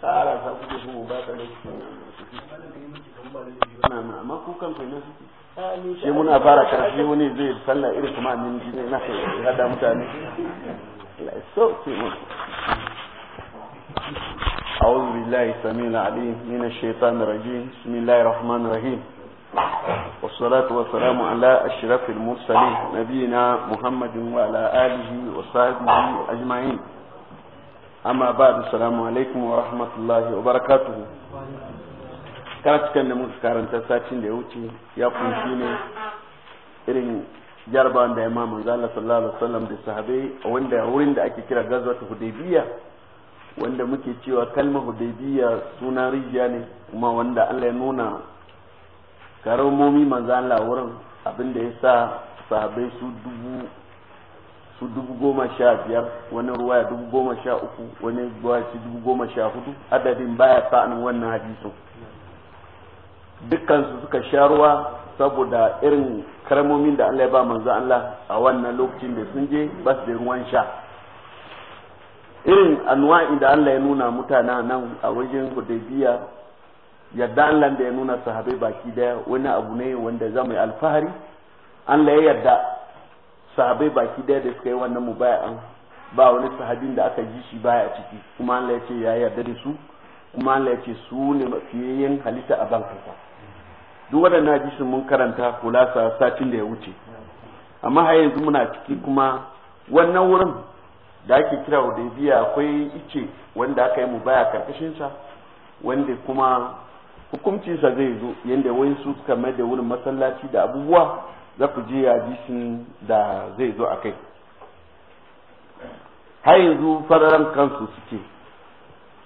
tsara sa kuke so mu ba ka lokaci amma ku kan kai nan suke shi muna fara karfi wani zai sallah irin kuma min ji ne na kai hada mutane so ce mu أعوذ بالله السميع العليم من الشيطان الرجيم بسم الله الرحمن الرحيم والصلاة والسلام على أشرف المرسلين نبينا محمد وعلى آله وصحبه أجمعين amma ba da salamu alaikum wa rahmatullahi wa barakatuhu karatukan da muka karanta sacin da ya wuce ya kunshi ne irin jarabawan da ya ma manzo Allah sallallahu alaihi wasallam da sahabbai wanda wurin da ake kira gazwatu hudaybiya wanda muke cewa kalmar hudaybiya sunan rijiya ne kuma wanda Allah ya nuna karamomi manzo Allah wurin abinda ya sa sahabbai su dubu su dubu goma sha biyar wani ruwaya dubu goma sha uku wani ruwaya dubu goma sha hudu adadin baya sa'an wannan hadisin dukansu suka sha ruwa saboda irin karamomin da Allah ya ba manzo Allah a wannan lokacin da sun je ba su da ruwan sha irin anwa'i da Allah ya nuna mutana nan a wajen Hudaybiya yadda Allah da ya nuna sahabai baki daya wani abu ne wanda zamu yi alfahari Allah ya yarda sahabai baki daya da suka yi wannan mubaya'an ba wani sahabin da aka ji shi baya ciki kuma Allah ya ce ya yarda da su kuma Allah ya ce su ne mafiyayyen halitta a ban kasa duk waɗannan hadisin mun karanta kulasa satin da ya wuce amma har yanzu muna ciki kuma wannan wurin da ake kira biya akwai ice wanda aka yi mubaya karkashin sa wanda kuma hukuncinsa zai zo yadda wai su suka mai da wurin masallaci da abubuwa za ku ji hadisin da zai zo a kai har yanzu fararen kansu suke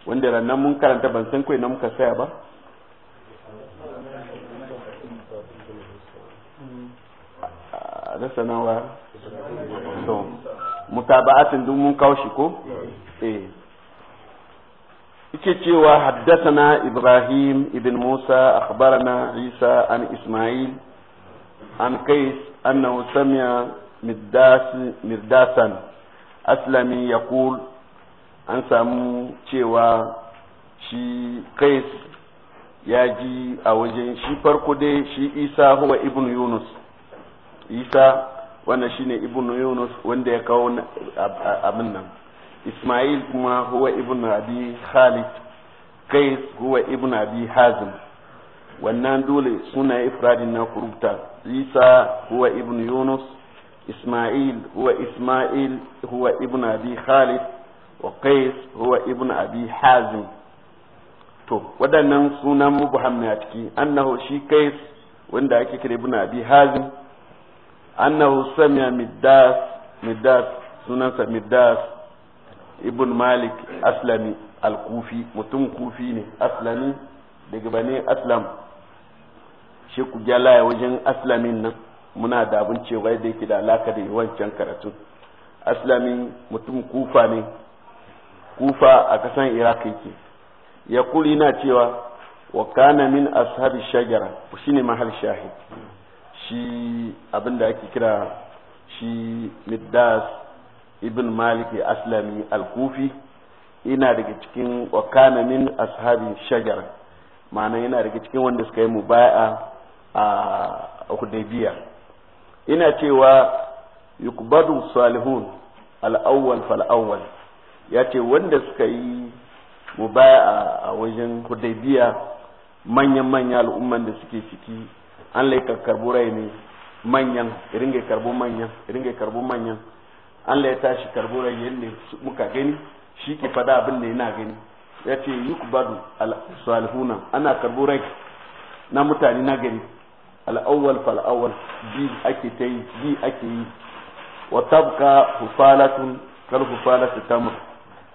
wanda rannan mun karanta ban san kai na muka saya ba sanawa so mutaba'atin duk mun kawo shi ko eh yake cewa haddathana ibrahim ibn musa akhbarana isa an isma'il عن قيس أنه سمع مرداس مرداسا أسلمي يقول أن سامو تشيوا شي قيس ياجي أوجين شي فرقدي شي إيسا هو ابن يونس إيسا وانا شيني ابن يونس وانده يكون أبنا إسماعيل كما هو ابن أبي خالد قيس هو ابن أبي حازم wannan dole suna ifradin na kurubta isa huwa ibn yunus isma'il huwa isma'il huwa ibn abi khalid wa huwa ibn abi hazim to waɗannan sunan mubham ne a ciki annahu shi qais wanda ake kira ibn abi hazim annahu samiya middas middas sunansa middas ibn malik aslami al-kufi mutum kufi ne aslami daga bane aslam shi ku gyalaya wajen aslamin nan muna da abin cewa da yake da alaka da wancan karatu aslamin mutum kufa ne kufa a kasan iraq yake ya kuri na cewa wa kana min ashabi shajara ne mahal shahid shi abin da ake kira shi middas ibn malik aslami al-kufi ina daga cikin wa kana min ashabi shajara ma'ana yana daga cikin wanda suka yi mubaya'a a hudaybiya ina cewa yukbadu salihun al-awwal fal awwal yace wanda suka yi mubaya a wajen hudaybiya manyan manyan al'umman da suke ciki an laika karbo rai ne manyan ringa karbo manyan ringa karbo manyan an laika tashi karbo rai yadda muka gani shi ke fada abin da yana gani ya ce yukbadu al ana karbo rai na mutane na gani. al'awwal fal awwal bi ake ta yi bi ake yi wa tabqa hufalatun kal hufalatu tamr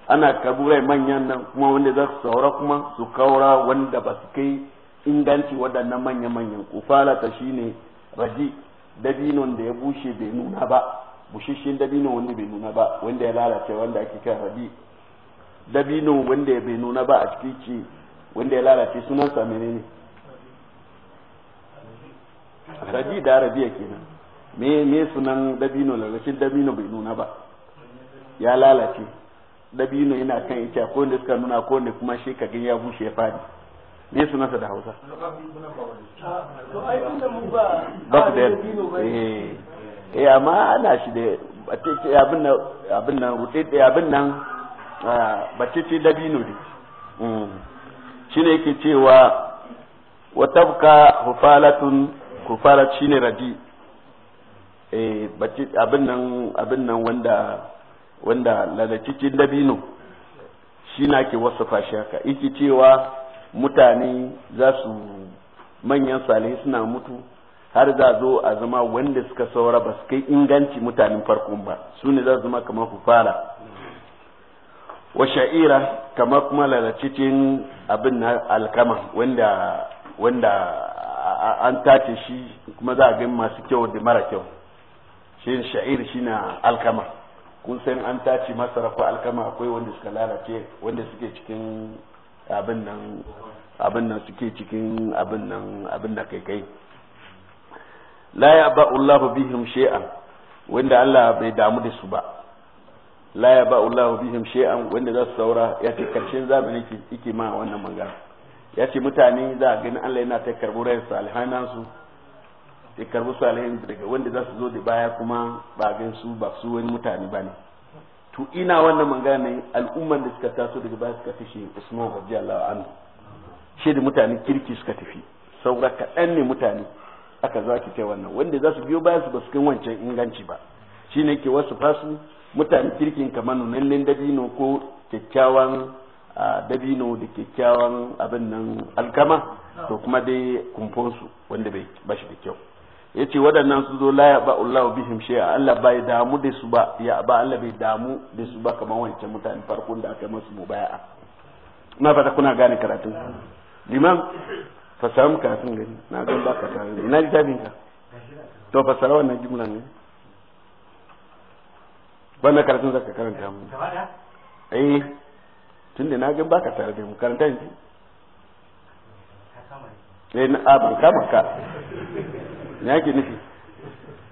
ana kaburai manyan nan kuma wanda za su saura kuma su kaura wanda ba su kai inganci waɗannan manyan manyan kufalata shine raji dabinon da ya bushe bai nuna ba bushashen dabino wanda bai nuna ba wanda ya lalace wanda ake kan rabi dabino wanda bai nuna ba a cikin ce wanda ya lalace sunan sa ne. raji da arabiya kenan me me sunan dabino lalacin dabino bai nuna ba ya lalace dabino yana kan ita ko wanda suka nuna ko wanda kuma shi kagin ya bushe ya fadi me sunansa da hausa ba ku da eh eh amma ana shi da abin nan abin nan rute abin nan ah, bace ce dabino ne mm. shine yake cewa wa tabka hufalatun kufara ne radi eh, abin nan abin nan wanda wanda lalacicin dabino shi na ke wasu shi haka iki cewa mutane za su manyan salihi suna mutu har za zo a zama wanda suka saura ba su kai inganci mutanen farkon ba su ne za zama kamar kufara wa sha'ira kamar kuma lalacicin abin na alkama wanda wanda an tace shi kuma za a gani masu kyau da mara kyau shi sha'ir shi na alkama kun san an tace masara ko alkama akwai wanda suka lalace wanda suke cikin abin nan abin nan suke cikin abin nan abin da kai kai la ya ba Allah bihim shay'an wanda Allah bai damu da su ba la ya ba Allah bihim shay'an wanda za su saura ya ce karshen zamanin yake ma wannan magana ya ce mutane za a gani Allah yana ta karbo rayar salihai nasu ta karbo salihai daga wanda za su zo da baya kuma ba gan su ba su wani mutane ba ne to ina wannan mangana al'umman da suka taso daga baya suka tashi Usman Allah anhu shi da mutane kirki suka tafi saura kaɗan ne mutane aka zo ake kai wannan wanda za su biyo baya su ba su kan wancan inganci ba shine ke wasu fasu mutane kirkin kamar nunan dabino ko kyakkyawan dabino da kyakkyawan abin nan alkama to kuma dai kumfonsu wanda bai bashi da kyau ya ce waɗannan su zo la ya ba Allah bihim shay'a Allah bai damu da su ba ya ba Allah bai damu da su ba kamar wancan mutane farkon da aka masu mubaya'a na fata kuna gane karatun liman fasara muka sun gani na gan baka tare ji littafin ka to fasara wannan jumla ne wannan karatun zaka karanta mu eh tun da na ga baka tare da makaranta yanzu shi eh na aban kama ka ya ke nufi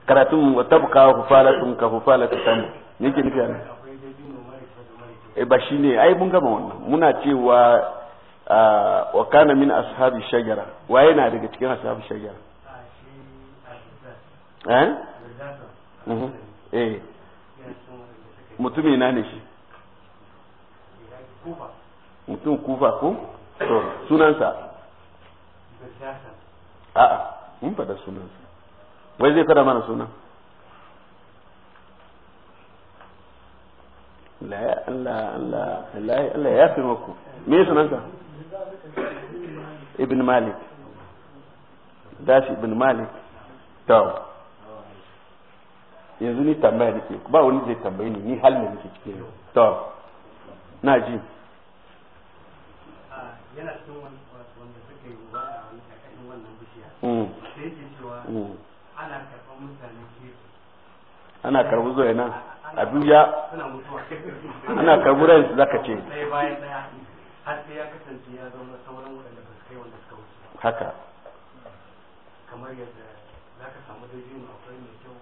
karatun wa tabka hufalatun ka hufalatu tamu me ke nufi ana eh ba shi ne ai mun gama wannan muna cewa wa kana min ashabi shajara waye na daga cikin ashabi shajara ah, eh, mhm. eh. mutumina ne shi mutum kufa ko sunansa a a mun faɗa sunansa wai zai fada mana sunan Allah Allah Allah ya fi maku me sunansa ibn malik dashi ibn malik to yanzu ni tambaya nake ba wani zai tambaye ni ni hal ne nake cikin to na ji yana cikin wanda suka yi ba a wani kakashin wannan bishiya hmm. sai yake cewa hmm. ana karɓar mutane ana karɓar zuwa yana a duniya ana karɓar rayu za ka ce ɗaya bayan ɗaya har sai ya kasance ya zama sauran waɗanda ba su kai wanda suka wuce haka kamar yadda za ka samu daidai akwai mai kyau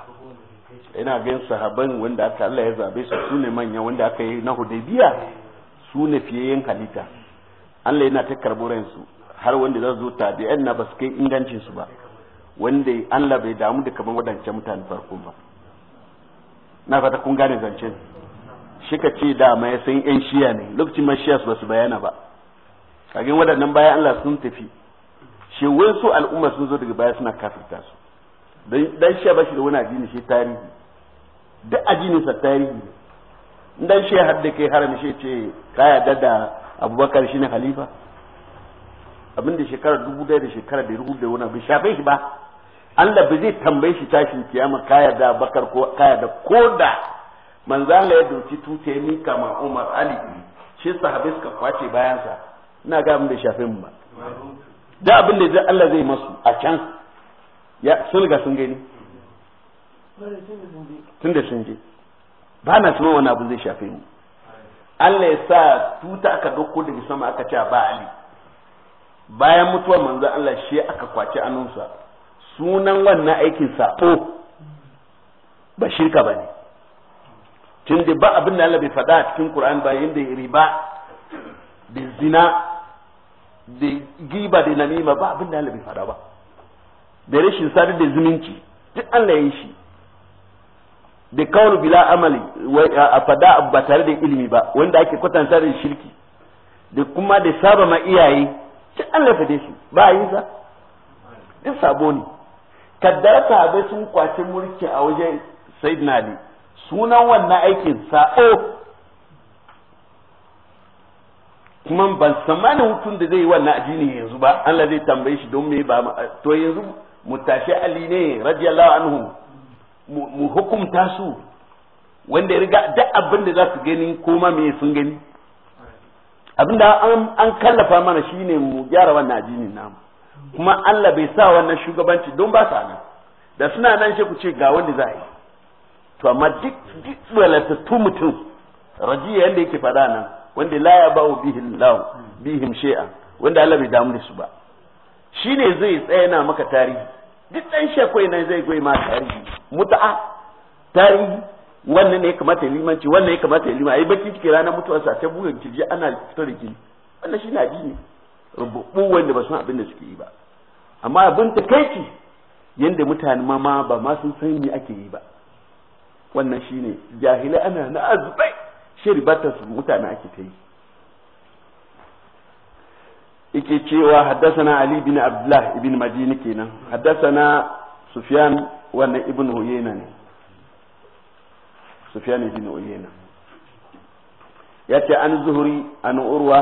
abubuwan da zai kai ina gan sahaban wanda aka Allah ya zabe su sune manya wanda aka yi na hudaybiya eh. su ne fiye yin halitta Allah yana ta karbo su har wanda za zo ta da na ba su kai ingancin su ba wanda Allah bai damu da kaman wadancan mutane farko ba na fata kun gane zancen shi ka ce da ya san yan shiya ne lokacin ma shiya su ba su bayana ba kagin wadannan bayan Allah sun tafi shi wasu al'umma sun zo daga baya suna kafirta su dan shiya ba shi da wani addini shi tarihi duk addinin sa tarihi dan shiya har da kai haram shi ce kaya dada abubakar shine khalifa abin da shekara dubu daya da shekara da rubu da wani bai shafe shi ba Allah ba zai tambaye shi tashin kiyama kaya da bakar ko kaya da koda manzo Allah ya dauki ya mika kama Umar Ali shi sahabai suka kwace sa ina ga mun da shafe mu ba da abin da Allah zai masu a can ya sun riga sun gani tunda sun je ba na tuma wani abu zai shafe mu Allah ya sa tuta aka dauko daga sama aka ce ba Ali bayan mutuwar manzo Allah shi aka kwace anunsa sunan wannan aikin ko ba shirka ba ne tun da ba abin da Allah bai faɗa a cikin Qur'an ba yanda riba da zina da giba da namima ba abin da Allah bai faɗa ba da rashin sadar da zumunci duk Allah ya yi shi bi kaunu bila amali a fada ba tare da ilimi ba wanda ake kwatanta da shirki da kuma da saba ma iyaye ci an lafade su ba yi za duk sabo ne kaddara sahabai sun kwace mulki a wajen na ali sunan wannan aikin sa'o kuma ban tsammanin hutun da zai yi wannan addini yanzu ba Allah zai tambaye shi don me ba to yanzu mutashi ali ne radiyallahu anhu mu hukumta su wanda ya riga duk abin da za su gani ko ma me sun gani abin da an kallafa mana shine mu gyara wannan addinin namu kuma Allah bai sa wannan shugabanci don ba sa nan da suna nan shi ku ce ga wanda za yi to amma duk tu mutum rajiya yanda yake faɗa nan wanda la ya bawo bihim lahu bihim shay'an wanda Allah bai damu da su ba shine zai tsaya na maka tarihi duk ɗan shekwai nan zai goyi ma tarihi muta'a tarihi wannan ne ya kamata limanci wannan ya kamata ya limanci baki ciki ranar mutuwarsa ta buga kirji ana fito da jini wannan shi na dini rububu wanda ba san abin da suke yi ba amma abin takaici yanda mutane ma ba ma sun san me ake yi ba wannan shine jahilai ana na azubai shi su mutane ake ta yi yake cewa haddasana Ali bin Abdullah ibn Madini kenan haddasana Sufyan wannan ibn Uyayna ne Sufyan ibn Uyayna yace an Zuhri an Urwa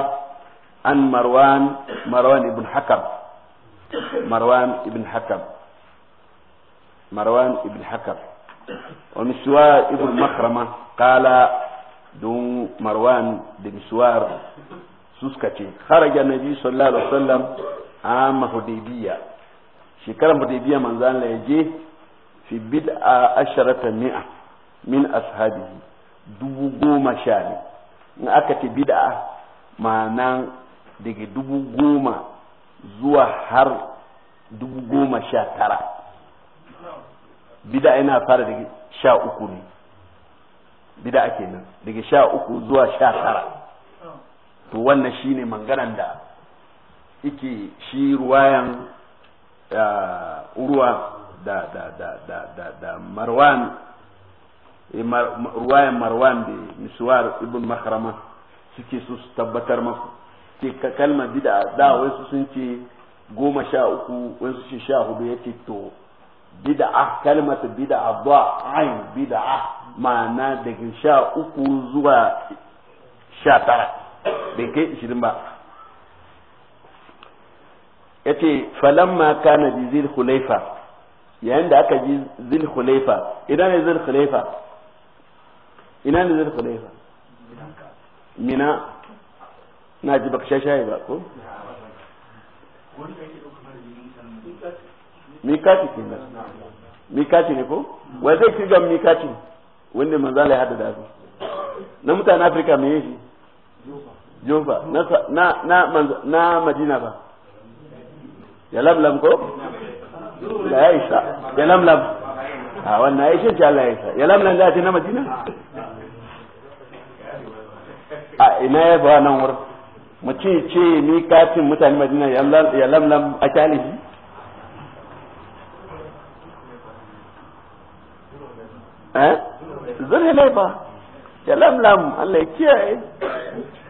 an Marwan Marwan ibn Hakam Marwan ibn Hakam Marwan ibn Hakam wa Miswar ibn makrama qala dun Marwan da Miswar suka ce kharaja nabi sallallahu alaihi wasallam a hudaybiya shekarar hudaybiya manzo Allah ya je fi bid'a asharata mi'a min ashabihi dubu goma sha ne in aka ce bid'a ma'anan daga dubu goma zuwa har dubu goma sha tara bida yana fara daga sha uku ne bida kenan daga sha uku zuwa sha tara to wannan shine mangaran da yake shi ruwayan urwa da da da da da da marwan eh, ruwayan marwan da miswar ibn makrama suke su tabbatar maku ke kalmar bida da wasu sun ce goma sha uku wasu ce sha hudu ya ce to bid'a kalmata bid'a da'ain bid'a ma'ana daga sha uku zuwa sha tara bai kai ishirin ba ya ce falamma kana bi zil hulaifa yayin da aka ji zil hulaifa ina ne zil hulaifa ina ne zil hulaifa mina na ji baka shashaye ba ko mikati ke nan mikati ne ko wai zai kirga mikati wanda manzala ya hada da na mutanen afirka me yake jofa na na madina ba ya lamlam ko da ya isa ya lamlam a ah, wannan ya ce Allah ya isa ya lamlam da ce na madina a ina ya ba nan wurin mu ce ni katin mutane madina ya lamlam a kyalihi eh zurhe laifa da lamlam Allah ya kiyaye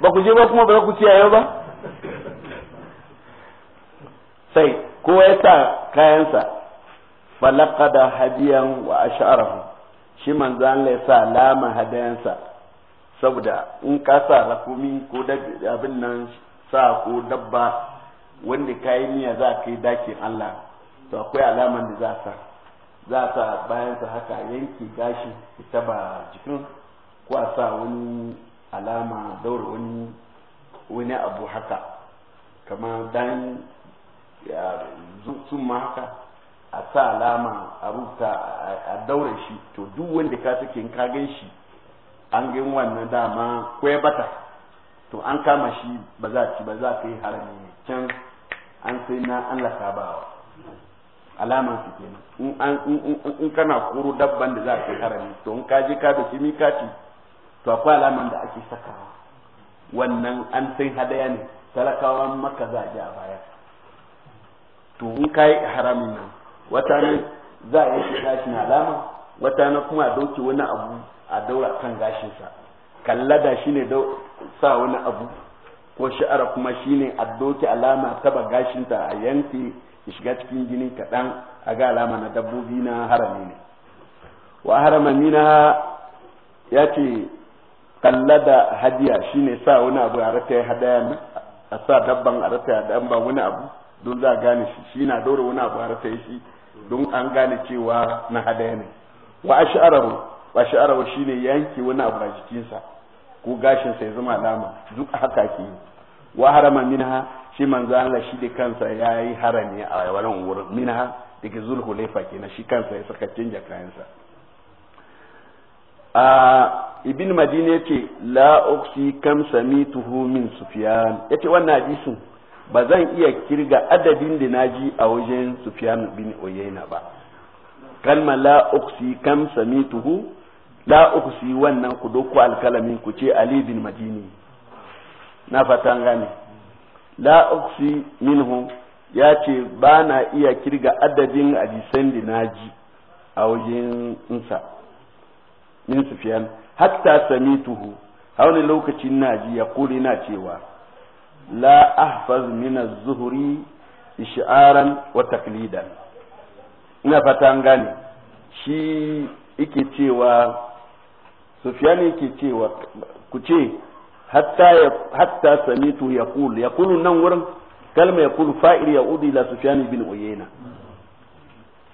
ba ku je ba kuma ba ku kiyaye ba sai ko ya sa kayansa da hadiyan wa ash'arahu shi manzo Allah ya sa lama hadayansa saboda in ka sa rakumi ko abin nan sa ko dabba wanda kayi niyya za ka yi dakin Allah to akwai alaman da za sa za sa bayansa haka yanki gashi ita ba jikin ko a sa wani alama daura wani wani abu haka kama dan sun ma haka a sa alama a rubuta a daura shi to duk wanda ka take in ka gan shi an gan wannan dama ko ya bata to an kama shi ba za ci ba za ka yi harami can an sai na an lasabawa alaman su kenan in kana koro dabban da za ka yi harami to in ka je ka da kimi ka ci to akwai alaman da ake sakawa wannan an sai hadaya ne talakawa maka za a ji a baya to in ka yi haramin nan wata ne za a shi gashin alama wata na kuma a dauke wani abu a daura kan gashinsa kallada shi ne sa wani abu ko sha'ara kuma shi ne a doke alama taba gashinta a yanke shiga cikin jini kaɗan a ga alama na dabbobi na harami ne wa harama ya ce kalla da hadiya shine sa wani abu a rataya hadaya a sa dabban a rataya ba wani abu don za a gane shi shi na dora wani abu a rataya shi don an gane cewa na hadaya ne wa ash'arahu wa ash'arahu shine yanke wani abu a jikinsa ko gashin sa ya zama alama duk haka ke wa harama minha shi manzo Allah shi da kansa yayi harami a wannan wurin minha daga zulhu laifa kenan shi kansa ya saka canja kayansa a ibn madina yace la uksi kam samituhu min sufyan yace wannan hadisin ba zan iya kirga adadin da naji a wajen sufyan bin uyayna ba kalma la uksi kam samituhu la uksi wannan ku doko alkalamin ku ce ali bin madini na fatan gane la uksi minhu ya ce ba na iya kirga adadin hadisan da naji a wajen insa min sufyan hatta samituhu a wani lokaci na ji ya kuli na cewa la ahfaz min az-zuhri ishaaran wa taqlidan ina fata an gane shi yake cewa sufyan yake cewa ku ce hatta hatta samitu yaqul kulu nan wurin kalma yaqul fa'il udi la sufyan bin uyayna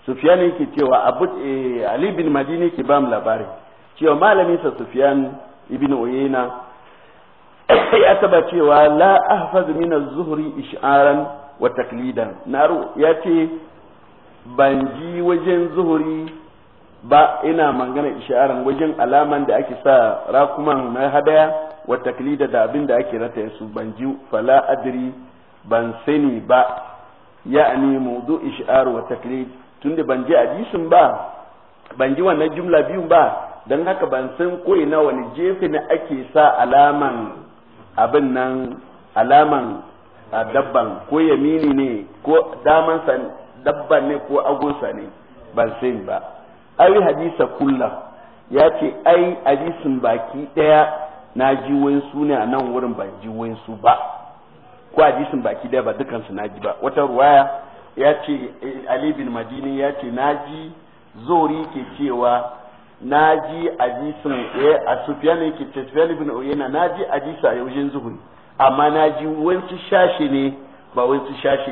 sufyan yake cewa abu eh, ali bin madini ke bam labari cewa malami sa Sufyan ibn Uyayna ya taba cewa la ahfaz min az-zuhri ish'aran wa taklidan naru yace ban ji wajen zuhuri ba ina magana isharan wajen alaman da ake sa rakuman na hadaya wa taklida da abin da ake rata su ban ji fala adri ban sani ba ya'ani mudu ishar wa taklid tunda ban ji hadisin ba ban ji wannan jumla biyun ba don haka ban san koyi na wani jefi na ake sa alaman abin nan alaman ah, dabban ko yamini ne ko damansa dabban ne ko agonsa ne ban san ba ai hadisa kullum ya ce ai hadisin baki daya na ji wansu ne a nan wurin ban ji wansu ba ko hadisin baki daya ba dukansu na ji ba wata ruwaya ya ce eh, ali bin madini ya ce na ji zori ke cewa na ji ya a Sufyan yake ce ibn Uyayna na ji hadisi a wajen zuhuri amma na ji shashi ne ba wancu shashi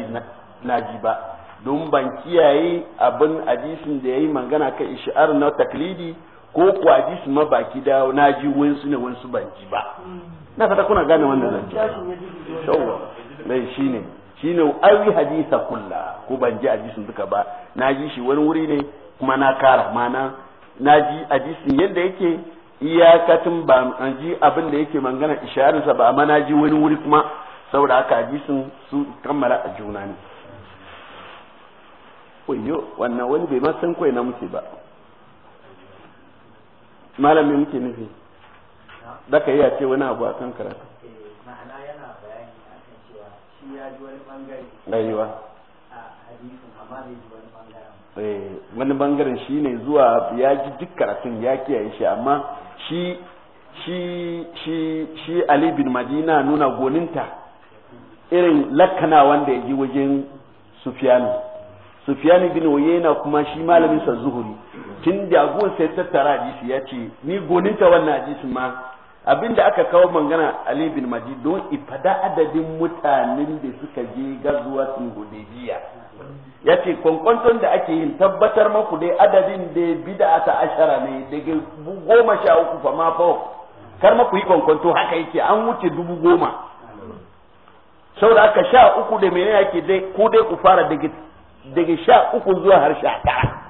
na ji ba don ban kiyaye abin ajisun da yayi magana kan ishar na taklidi ko ko ajisun ma baki da na ji wansu ne wancu ban ji ba na fata kuna gane wannan zance yawa dai shine shine awi hadisa kullu ko ban ji ajisun duka ba na ji shi wani wuri ne kuma na kara mana na ji hadisin yadda yake iyakatin ba an ji abin da yake mangana isharinsa ba amma na ji wani wuri kuma saboda haka hadisin su kammala a juna ne koyo wannan wani bai ma san na muke ba malami muke nufi da ka yi a ce wani abu a kan karatu eh, ma'ana yana bayani akan cewa shi ya ji wani bangare rayuwa Eh, wani bangaren shi ne zuwa ya ji duk karatun ya kiyaye shi amma shi shi shi shi Ali bin Madina nuna goninta irin lakkana wanda ya ji wajen sufiyanu sufiyanu bin waye na kuma shi malamin sa Zuhuri tun da gun sai tattara hadisi ya ce ni goninta wannan hadisi ma abinda aka kawo mangana Ali bin Madina don ifada adadin mutanen da suka je gazuwa sun Hudaybiya ya ce kwankwanton da ake yin tabbatar maku dai adadin da bida ta ashara ne daga goma sha uku fa ma fa kar maku yi kwankwanto haka yake an wuce dubu goma da aka sha uku da mene yake dai ko dai ku fara daga sha uku zuwa har sha tara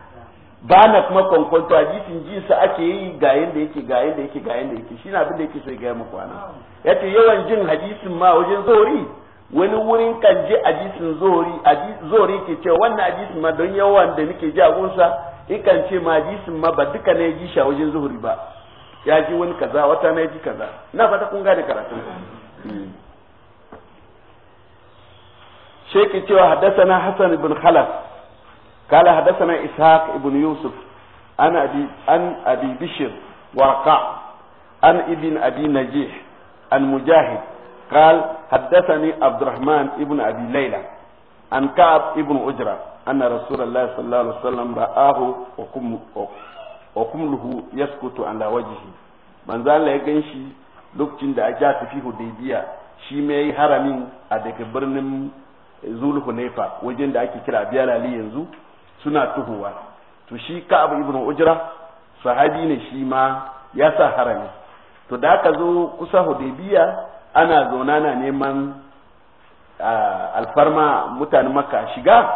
ba na kuma kwankwanto a jikin jinsa ake yi ga yanda yake ga yanda yake ga yanda yake shi na abin da yake so ya gaya muku anan yace yawan jin hadisin ma wajen zori wani wurin kan je hadisin zori zori ke ce wannan hadisin ma don yawan da nake ji a gunsa in kan ce ma hadisin ma ba duka na ji shi a wajen zuhuri ba ya ji wani kaza wata na ji kaza na fata kun gane karatun شيخ تيوا حدثنا حسن بن خلف قال حدثنا إسحاق بن يوسف أنا أبي أن أبي بشر ورقاع أن ابن أبي نجيح أن مجاهد قال حدثني عبد الرحمن ابن أبي ليلى عن كعب ابن أجرة أن رسول الله صلى الله عليه وسلم رآه وكمله يسكت على وجهه من ذا لا يغنشي لوكتين دا أجات في هديبية shi mai haramin a daga birnin zulhunaifa wajen da ake kira biyalali yanzu suna tuhuwa to shi ka'ab ibn ujra sahabi ne shi ma ya sa harami to da aka zo kusa hudaybiya ana zauna na neman alfarma mutanen maka shiga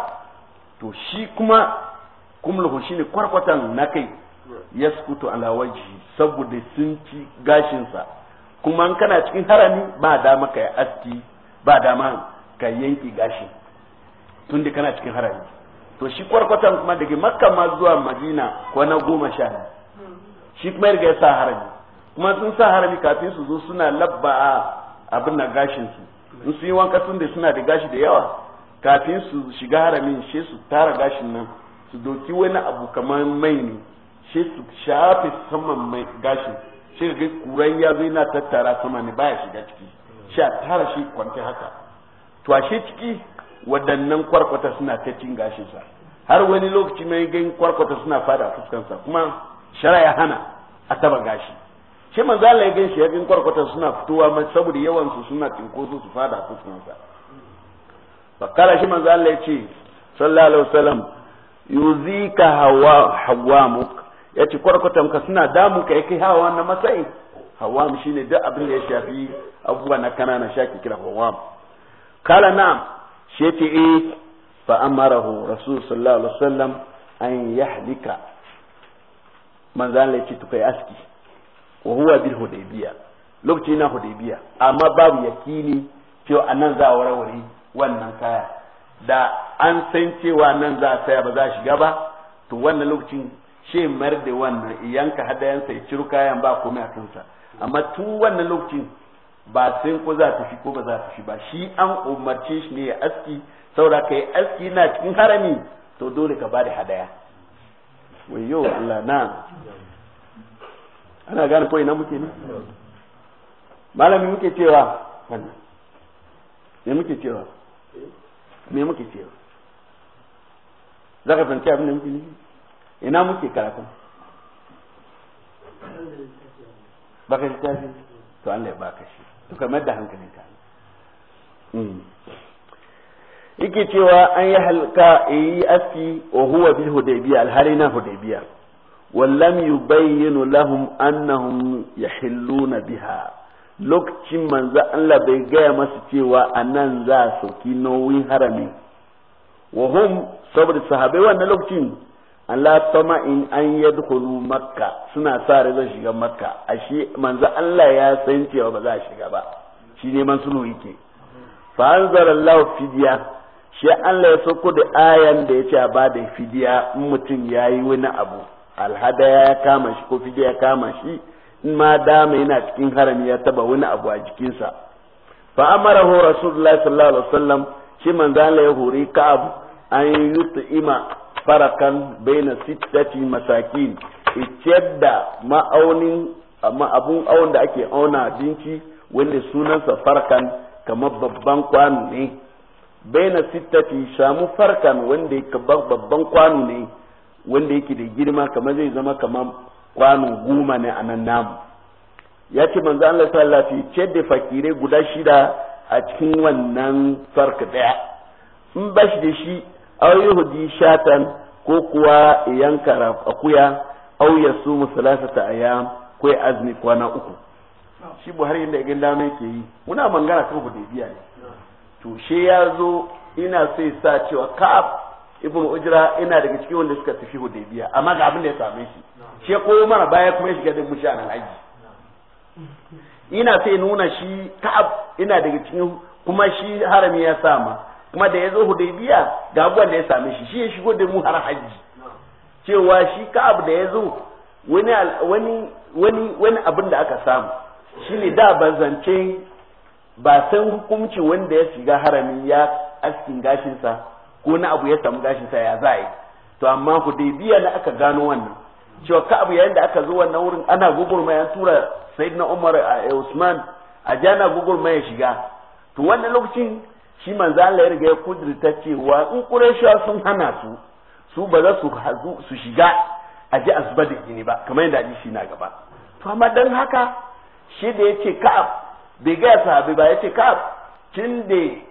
to shi kuma kumluhu ne kwarkwatan na kai ya sukutu alawaji saboda sun ci gashinsa kuma in kana cikin harami ba dama ka aski ba dama ka yanki gashi tun da kana cikin harami to shi kwarkwatan kuma daga makka ma zuwa madina na goma sha shi kuma ya sa harami kuma sun sa harami kafin su zo suna a abin na gashin su in su yi wanka sun da suna da gashi da yawa kafin su shiga haramin she su tara gashin nan su doki wani abu kamar mai ne she su shafe saman mai gashin she ga kuran ya zo yana tattara sama ne baya shiga ciki she a tara shi kwanci haka to ashe ciki waɗannan kwarkwata suna ta cin gashin sa har wani lokaci mai gan kwarkwata suna fada fuskansa kuma shara ya hana a taba gashi shi manzo Allah ya ganshi gin kwarkwata suna fitowa saboda yawan su suna tinkoso su fada fa Kala shi manzo Allah ya ce sallallahu alaihi wasallam yuzika hawa hawamuk yace kwarkwatan ka suna damu ka yake hawa na matsayi hawam shine duk abin da ya shafi abubuwa na kanana shaki kira hawa kala na'am shi yace eh fa amarahu rasul sallallahu alaihi wasallam an yahlika manzo Allah ya ce to kai aski wa huwa bil hudaybiya lokaci na hudaybiya amma babu yakini cewa anan za a warware wannan kaya da an san cewa nan za a saya ba za a shiga ba to wannan lokacin she mayar da wannan yanka hadayansa ya ciro kayan ba komai a kansa amma tun wannan lokacin ba sai ko za ta fi ko ba za ta fi ba shi an umarce shi ne ya aski saboda kai aski na cikin harami to dole ka ba da hadaya wayo Allah na ana gane ko ina muke ne malami muke cewa me muke cewa me muke cewa za ka fahimci abin da muke nufi ina muke karatun baka shi tafi to Allah ya baka shi to ka mayar da ka hmm. yake cewa an yi halka eh, yi aski wa huwa bil hudaybiya alhari na hudaybiya ولم يبين لهم أنهم يحلون biha lokacin manzo Allah bai gaya masu cewa a nan za a sauki nauyin harami wa saboda sahabai wannan lokacin Allah tama in an yadkhulu makka suna sa rai zan shiga makka ashe manzo Allah ya san cewa ba za a shiga ba shi neman sulhu yake fa anzalallahu fidya shi Allah ya sauko da ayan da yace a ba da fidiya in mutum yayi wani abu alhadaya ya kama shi ko fige ya kama shi in ma dama yana cikin harami ya taba wani abu a jikinsa fa amara hu rasulullahi sallallahu alaihi wasallam shi manzo Allah ya hori ka'ab an ima farakan baina sittati masakin da ma'aunin abun awon da ake auna abinci wanda sunansa farkan kamar babban kwano ne baina sittati samu farkan wanda babban kwano ne wanda yake da girma kamar zai zama kamar kwano goma ne a nan namu ya ce manzo Allah sallallahu alaihi wasallam da fakirai guda shida a cikin wannan farka daya in ba shi da shi aw yahudi shatan ko kuwa yanka akuya aw yasumu salasata ayyam ko azmi kwana uku shi buhari inda ga dama ke yi muna mangana kan hudaybiya ne to she ya zo ina sai sa cewa kaf ibn ujira ina daga cikin wanda suka tafi hudaybiya amma ga abin da ya same shi she koyo mara baya kuma ya shiga da mushi aji ina sai nuna shi ka'ab ina daga cikin kuma shi harami ya sama kuma da ya zo hudaybiya ga abubuwan da ya same shi shi ya shigo da mu har haji cewa shi ka'ab da ya zo wani wani wani wani abin da aka samu shine da bazance ba san hukunci wanda ya shiga harami ya askin gashinsa ko na abu ya samu gashin sa ya zai to amma hudaybiya na aka gano wannan cewa ka abu yayin da aka zo wannan wurin ana gugurmaya tura sayyidina Umar a eh, Usman a jana gugurmaya shiga to wannan lokacin shi manzo Allah ya riga ya kudurta cewa in Qurayshawa sun hana su su ba za su hazu su shiga a ji asbadin gini ba kamar yadda shi na gaba to amma dan haka shi da yace Ka'ab bai ga sahabi ba yace Ka'ab tun da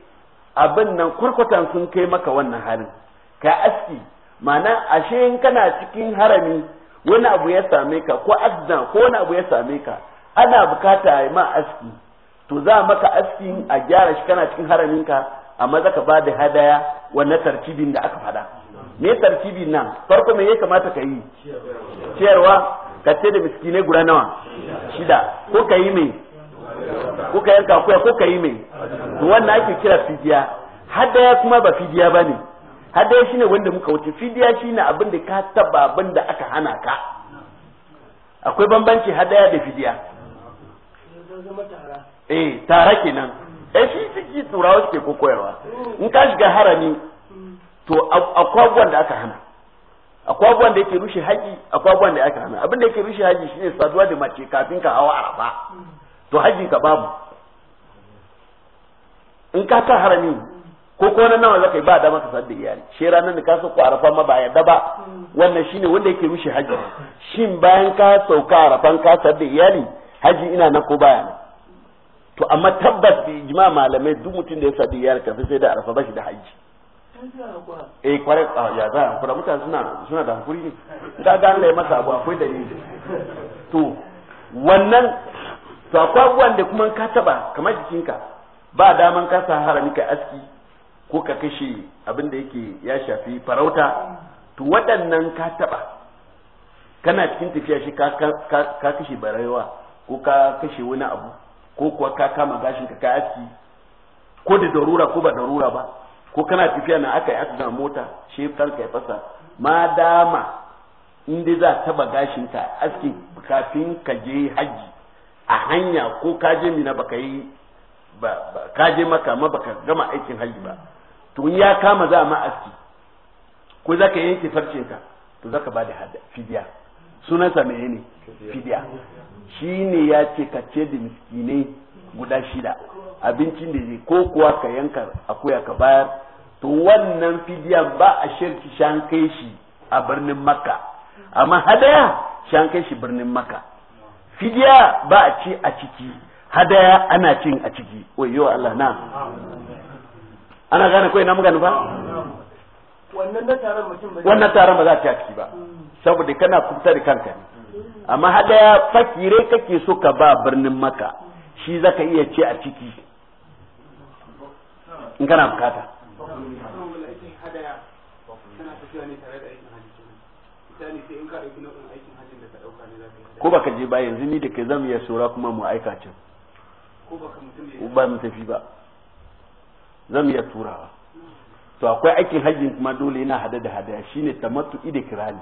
abin nan kurkutan sun kai maka wannan halin ka aski mana ashe in kana cikin harami wani abu ya same ka ko azna ko wani abu ya same ka ana bukata ya ma aski to za maka aski a gyara shi kana cikin haramin ka amma za ka bada hadaya wannan tartibin da aka faɗa me tartibin nan farko me ya kamata ka yi ciyarwa ka ce da miskinai guda nawa shida ko ka yi mai ko yanka akuya ko ka yi mai to wannan ake kira fidiya hadaya kuma ba fidiya ba ne hadaya shine wanda muka wuce fidiya shine abin da ka taba abin da aka hana ka akwai bambanci hadaya da fidiya eh tara kenan eh shi ciki turawa suke kokoyarwa in ka shiga harami to akwai abubuwan da aka hana akwai abubuwan da yake rushe haji akwai abubuwan da aka hana abin da yake rushe haji shine saduwa da mace kafin ka hawa araba. to hajji ka babu in ka ta harami ko ko nan nawa zaka yi ba dama ka san da iyali shi ranar da ka ku arafa ma ba ya ba wannan shine wanda yake mishi haji shin bayan ka sauka arafan ka san da iyali hajji ina na ko baya ne to amma tabbas bi ijma malamai duk mutum da ya sada iyali ka sai da arafa ba shi da haji eh kware ya za a da mutane suna suna da hankuri ne ta ga Allah ya masa abu akwai dalili to wannan to akwai abubuwan da kuma ka taba kamar jikinka ba daman ka sa harami ka aski ko ka kashe abin da yake ya shafi farauta to waɗannan ka taba kana cikin tafiya shi ka kashe barewa ko ka kashe wani abu ko kuwa ka kama gashin ka aski ko da darura ko ba darura ba ko kana tafiya na aka yi mota shi kanka ya fasa ma dama in dai za taba gashin ka aski kafin ka je hajji a hanya ko kaje mina baka yi ba kaje maka ma baka gama aikin haji ba to ya kama za ma aski ko za yanke farcin ka to za ka fidiya sunansa mene ne fidiya shine ya ce ka ce da miskine guda shida abincin da zai ko kuwa ka yanka akuya ka bayar to wannan fidiya ba a shirki shan kai shi a birnin makka amma hadaya shan kai shi birnin makka fidiya ba a ci a ciki hadaya ana cin a ciki wayo Allah na ana gane kai na magana ba wannan taron ba za a ci a ciki ba saboda kana kuta da kanka ne amma hadaya fakire kake so ka ba birnin maka shi zaka iya ce a ciki in kana bukata ko ba ka je ba yanzu ni da ke zamu iya sura kuma mu aika can ba ka mutum ba. mu tafi ba Zan iya turawa to akwai aikin hajjin kuma dole yana hada da hadaya shine tamattu ida kirani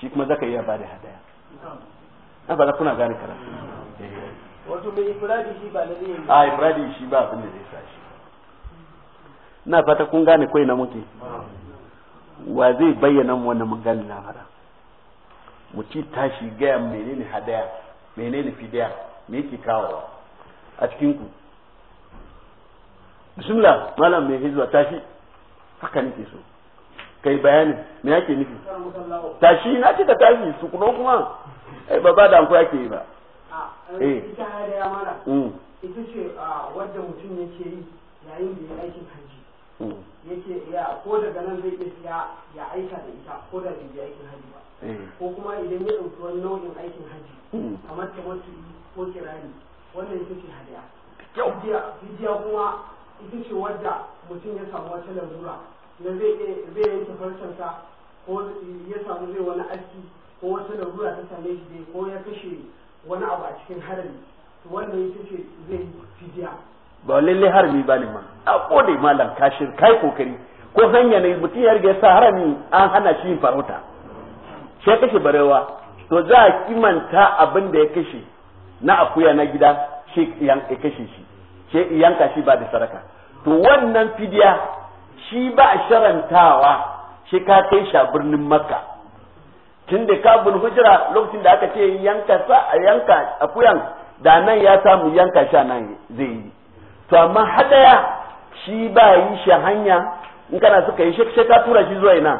shi kuma zaka iya ba da hadaya na ah, ba za kuna gane karatu wato mai ifradi shi ba lalle a ah, ifradi shi ba abin da zai sa shi na fata kun gane kai na muke wa zai bayyana mu wannan mun gane lamarin mu ci tashi gaya menene hadaya menene fidaya me yake kawo a cikin ku bismillah malam mai hizba tashi haka nake so kai bayani me yake nufi tashi na ce ka tashi su kuma kuma ai ba ba da anko yake yi ba eh ita hadaya mala mm. ita ce wanda mutum yake yi yayin da ya aikin hajji yace hmm. ya ko daga nan zai iya ya aika da ita ko da bai aikin haji ba eh. ko kuma idan ya dauki wani nau'in aikin haji hmm. kamar tamattu ko kirani wannan ita ce hadiya fidiya kuma ita ce wadda mutum ya samu wata lalura na zai yanke farcensa ko ya samu zai wani aski ko wata lalura ta same shi ko ya kashe wani abu a cikin harami to wannan ita ce zai fidiya ba lalle harami ba ne ma a kode malam kashir kai kokari ko hanya ne mutum ya riga sa harami an hana shi farauta sai kashe barewa to za a kimanta abin da ya kashe na akuya na gida shi ya kashe shi shi yanka shi ba da saraka to wannan fidiya shi ba sharantawa shi ka kai shi a birnin makka tun da kabin hujira lokacin da aka ce yanka sa a yanka akuyan da nan ya samu yanka sha nan zai yi to amma hadaya shi ba yi shi hanya in kana suka yi shi ka tura shi zuwa ina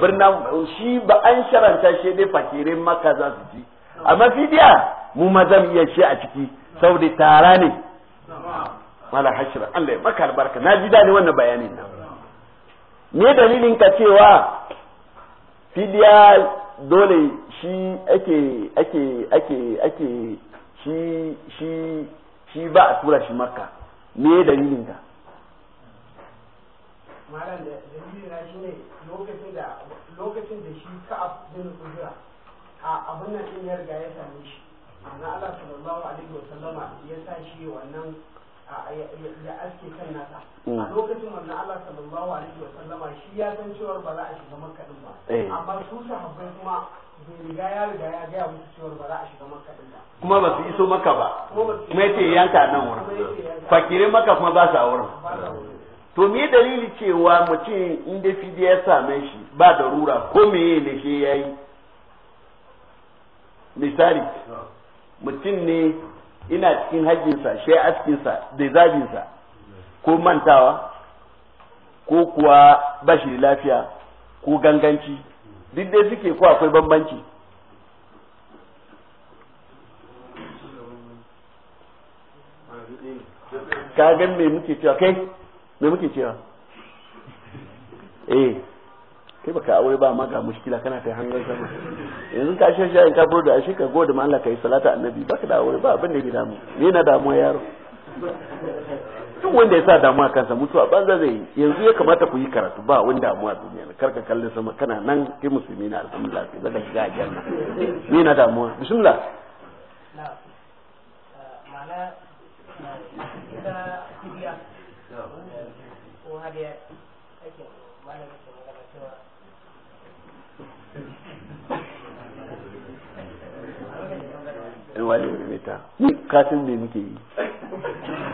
birna shi ba an sharanta shi dai fakirin maka za su ci amma fidiya mu mazam iya shi a ciki saboda tara ne mala hashira Allah ya maka albarka na ji dani wannan bayanin na me dalilin ka cewa fidiya dole shi ake ake ake ake shi shi shi ba a tura shi makka me dalilin ka malam da dalilin na shine lokacin da lokacin da shi ka'ab bin ujra a abin nan din ya riga ya same shi na Allah sallallahu alaihi wasallama ya sa shi wannan ya aske kan nasa a mm. lokacin wannan Allah sallallahu alaihi wasallama shi ya san cewa ba za a shiga makka ba eh. amma su sahabbai kuma kuma ba su iso maka ba kuma yace yanka nan wurin fakirin maka kuma ba su a wurin to me dalili cewa mutum in da ya same shi ba da rura ko meye ne ke yayi misali mutum ne ina cikin hajjinsa shi askinsa da zabinsa ko mantawa ko kuwa bashi lafiya ko ganganci duk dai suke ko akwai bambanci ka gan me muke cewa kai me muke cewa eh kai baka aure ba amma ga mushkila kana kai hangar sama yanzu ka shi shayin ka da ashe ka gode ma Allah kai salata annabi baka da aure ba abin da ya damu me na damu yaro duk wanda ya sa damuwa kansa mutuwa banza zai yi yanzu ya kamata ku yi karatu ba wani damuwa duniya na karka kallon sama kana nan ki musulmi na alhamdulillah sai zaka shiga aljanna ni na damuwa bismillah wani mai ta kasin da muke yi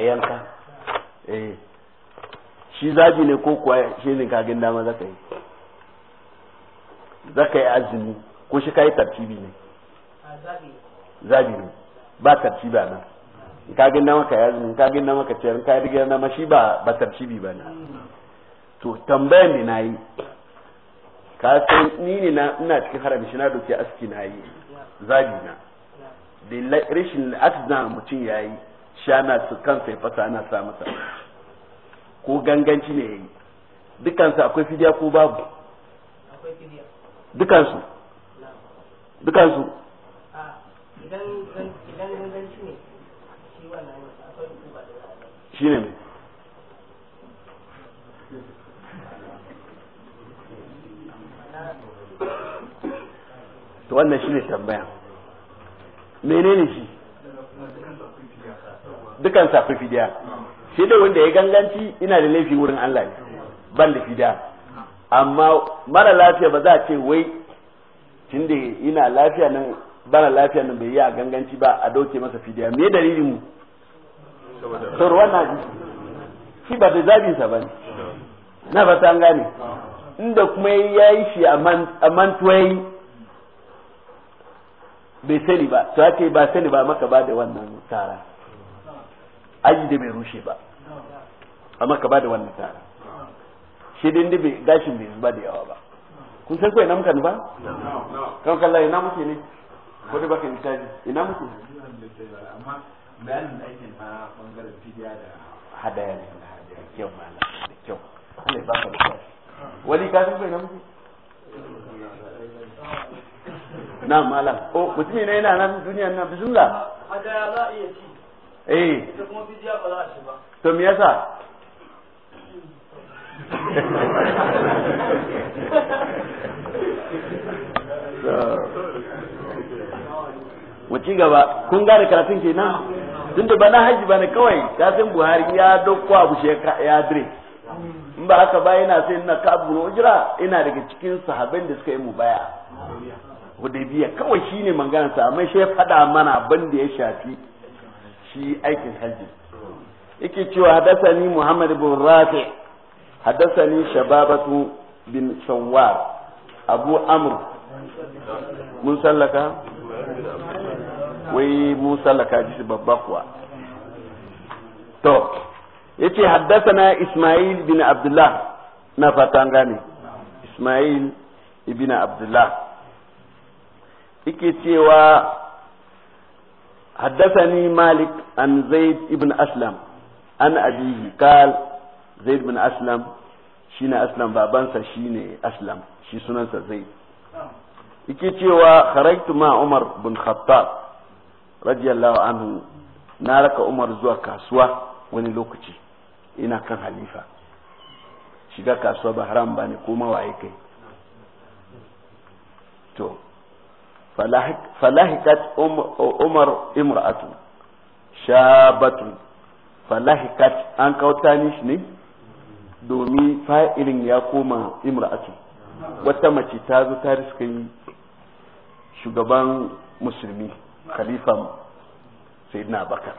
yanka eh shi zaji ne ko kuwa shi ne kagin dama zaka yi zaka yi azumi ko shi kai tartibi ne zabi ne ba tartibi ba nan in kagin dama ka yi azumi in kagin dama ka ciyar in ka rigar dama shi ba ba tartibi ba ne to tambayan ne na yi ka san ni ne na ina cikin haram shi na doke aski na yi zabi na da rashin aski na mutum ya yi shana su kansa ya fasa ana sa masa ko ganganci ne yayi dukansu akwai fidiya ko babu dukansu dukansu shi ne to wannan shi ne tambaya menene shi dukan safi fidiya shi da wanda ya ganganci ina da laifi wurin Allah ne ban da fidiya amma mara lafiya ba za a ce wai tunda ina lafiya nan bana lafiya nan bai yi a ganganci ba a dauke masa fidiya me dalilin mu saboda na shi ba da zabi sa bane na fata an gane inda kuma yayi shi a mantuwai bai sani ba to ce ba sani ba maka ba da wannan tara aji da bai rushe ba amma ka bada wannan tara shi dai da bai gashin bai zuba da yawa ba kun san ko ina muka ba kan kalla ina muke ne ko da baka littafi ina muke amma bayanin aikin na bangaren fidiya da hadaya ne da kyau mala da kyau Allah ya baka da kyau wani ka san ko ina muke na malam ko oh, mutum ne yana nan duniya nan bismillah hadaya za a iya ci eh to me yasa mu ci gaba kun gane karatun nan? tunda ba na haji ba ne kawai ka buhari ya dokko abu sheka ya dire in ba haka ba yana sai na ka abu ujira ina daga cikin sahabban da suka yi mu baya hudaybiya kawai shine sa, amma shi ya faɗa mana banda da ya shafi shi aikin hajji yake cewa hadasani muhammad bin rafi hadasani shababatu bin sawar abu amr mun sallaka wai mun sallaka ji babba kuwa to yace haddasana isma'il bin abdullah na fatan gane isma'il ibn abdullah yake cewa حدثني مالك عن زيد بن أسلم عن أبيه قال زيد بن أسلم شين أسلم بابانسا شين أسلم شي سننسا زيد yake cewa kharajtu ma Umar bin Khattab radiyallahu anhu na raka Umar zuwa kasuwa wani lokaci ina kan halifa shiga kasuwa ba haram bane ko mawaye to فلهكت عمر امرأة falahikat فلهكت أن كوتانيش ني domin fa'ilin ya koma imra'atu wata mace ta zo ta riska shugaban musulmi khalifa sayyidina bakar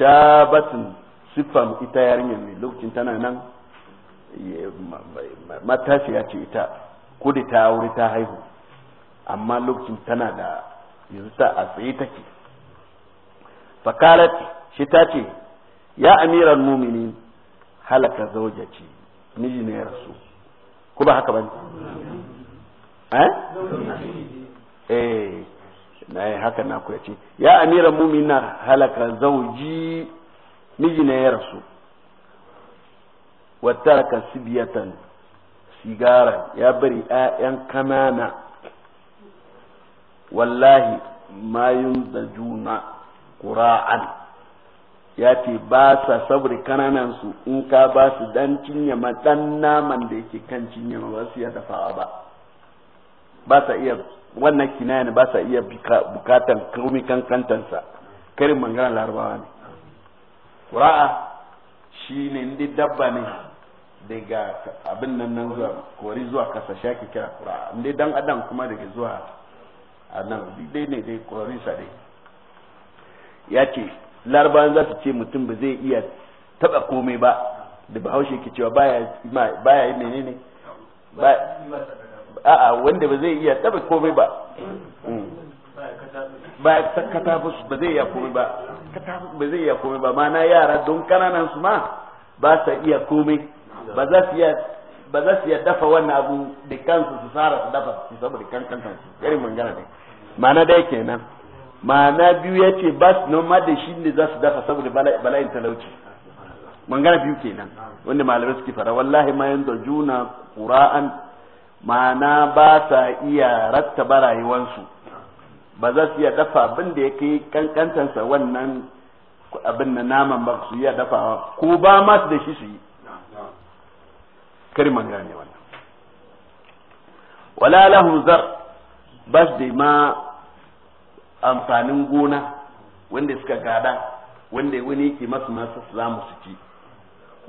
shabatun siffan ita yarinyar ne lokacin tana nan matashiya ce ita kudi ta wuri ta haihu amma lokacin tana da yanzu ta a tsaye take fakarat shi ta ce ya amiran mumini halaka zauja ce miji ne ya rasu ko ba haka ba ne eh, eh na haka na ku ce ya amiran mumini halaka zauji miji ne ya rasu wata ka sibiyatan sigara ya bari 'ya'yan kanana wallahi ma juna qura'an ya ce ba sa saboda kananan su in ka ba su dan cinye dan naman da yake kan cinye ma ba su iya dafawa ba ba sa iya wannan kinaya ne ba sa iya bukatan kumi kankantansa karin magana larabawa ne qura'a shine inda dabba ne daga abin nan nan zuwa kori zuwa kasa shaki kira qura'a inda dan adam kuma daga zuwa a nan dai ne dai sa dai ya ce larabawan za su ce mutum ba zai iya taba komai ba da bahaushe ke cewa baya yi menene a wanda ba zai iya taba komai ba mm. ba kata ba zai iya komai ba kata ba zai iya komai ba mana yara don kananan su ma ba sa iya komai ba za su iya ba za su iya dafa wannan abu da kansu su tsara su dafa su saboda kan kansu irin mangana ne ma'ana dai kenan ma'ana biyu ya ce ba su noma da shi ne za su dafa saboda bala'in talauci mangana biyu kenan wanda malamai suke fara wallahi ma yanzu juna kura'an ma'ana ba sa iya rattaba rayuwansu ba za su iya dafa abin da ya kai kankantansa wannan abin na naman ba su iya dafawa ko ba ma su da shi su yi kari mangane wannan wala lahu zar ba su da ma amfanin gona wanda suka gada wanda wani yake masu masu zamu su ci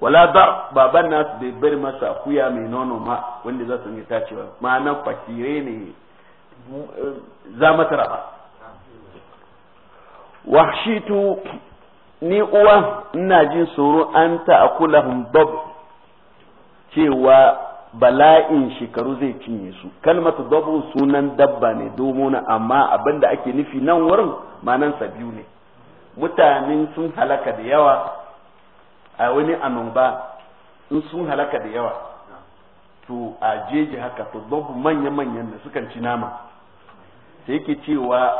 wala da baban nasu bai bari masa kuya mai nono ma wanda za su yi tacewa ma'anan fakire ne za mata raba wahshitu ni uwa ina jin tsoro an ta akulahum dab cewa bala'in shekaru zai cinye su kalmatu dabu sunan dabba ne na amma abinda ake nufi nan wurin sa biyu ne mutanen sun halaka da yawa a wani annoba in sun halaka da yawa to a jeji haka to dabu manya-manyan da sukan ci nama sai yake cewa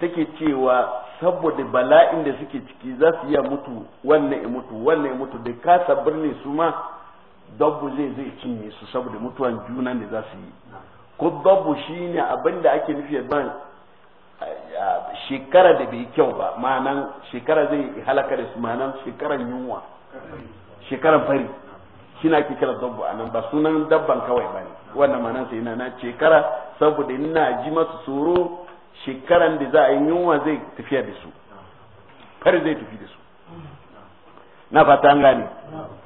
take cewa saboda bala'in da suke ciki za su iya mutu wannan ya mutu wannan ya mutu da kasa birni su ma dabbu zai cinye su saboda mutuwan juna ne za su yi ko dabbu shine abin da ake nufi ban shekara da bai kyau ba ma'anan shekara zai halaka da su ma'anan shekaran yunwa shekaran fari shi na ake kira dabbu a nan ba sunan dabban kawai ba ne wannan ma'anan sai na shekara saboda ina ji masu tsoro shekaran da za a yi yunwa zai tafiya da su fari zai tafi da su na fata an gane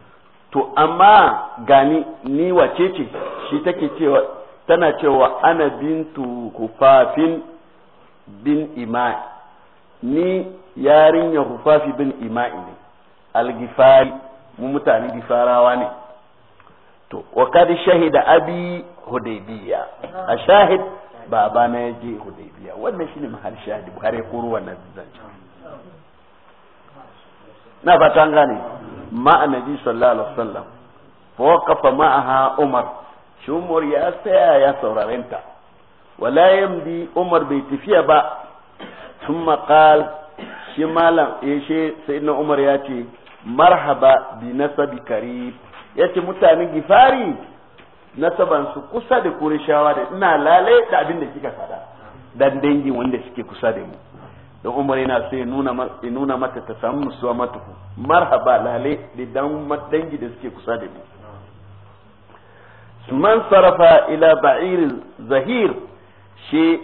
to amma gani ni wace ce shi take cewa tana cewa ana bintu hufafin bin ima'i ni yarinya hufafi bin ima'i ne algifari mu mutane gifarawa ne to wa kadi shahida abi hudaybiya a shahid baba na yaje hudaybiya wannan shine mahal shahid buhari ko ruwan nan zance na fata an gane ma annabi sallallahu alaihi wasallam fa waqafa ma'aha umar shi umar ya tsaya ya sauraren ta wala yamdi umar bai tafiya ba thumma qal shi malam eh shi sayyidina umar ya ce marhaba bi nasabi karib yace mutanen gifari nasaban su kusa da kurishawa da ina lalai da abin da kika fada dan dangin wanda suke kusa da mu don umar yana so ya nuna mata ta samu musuwa mata marhaba lale da dangi da suke kusa da ni man sarafa ila ba'ir zahir shi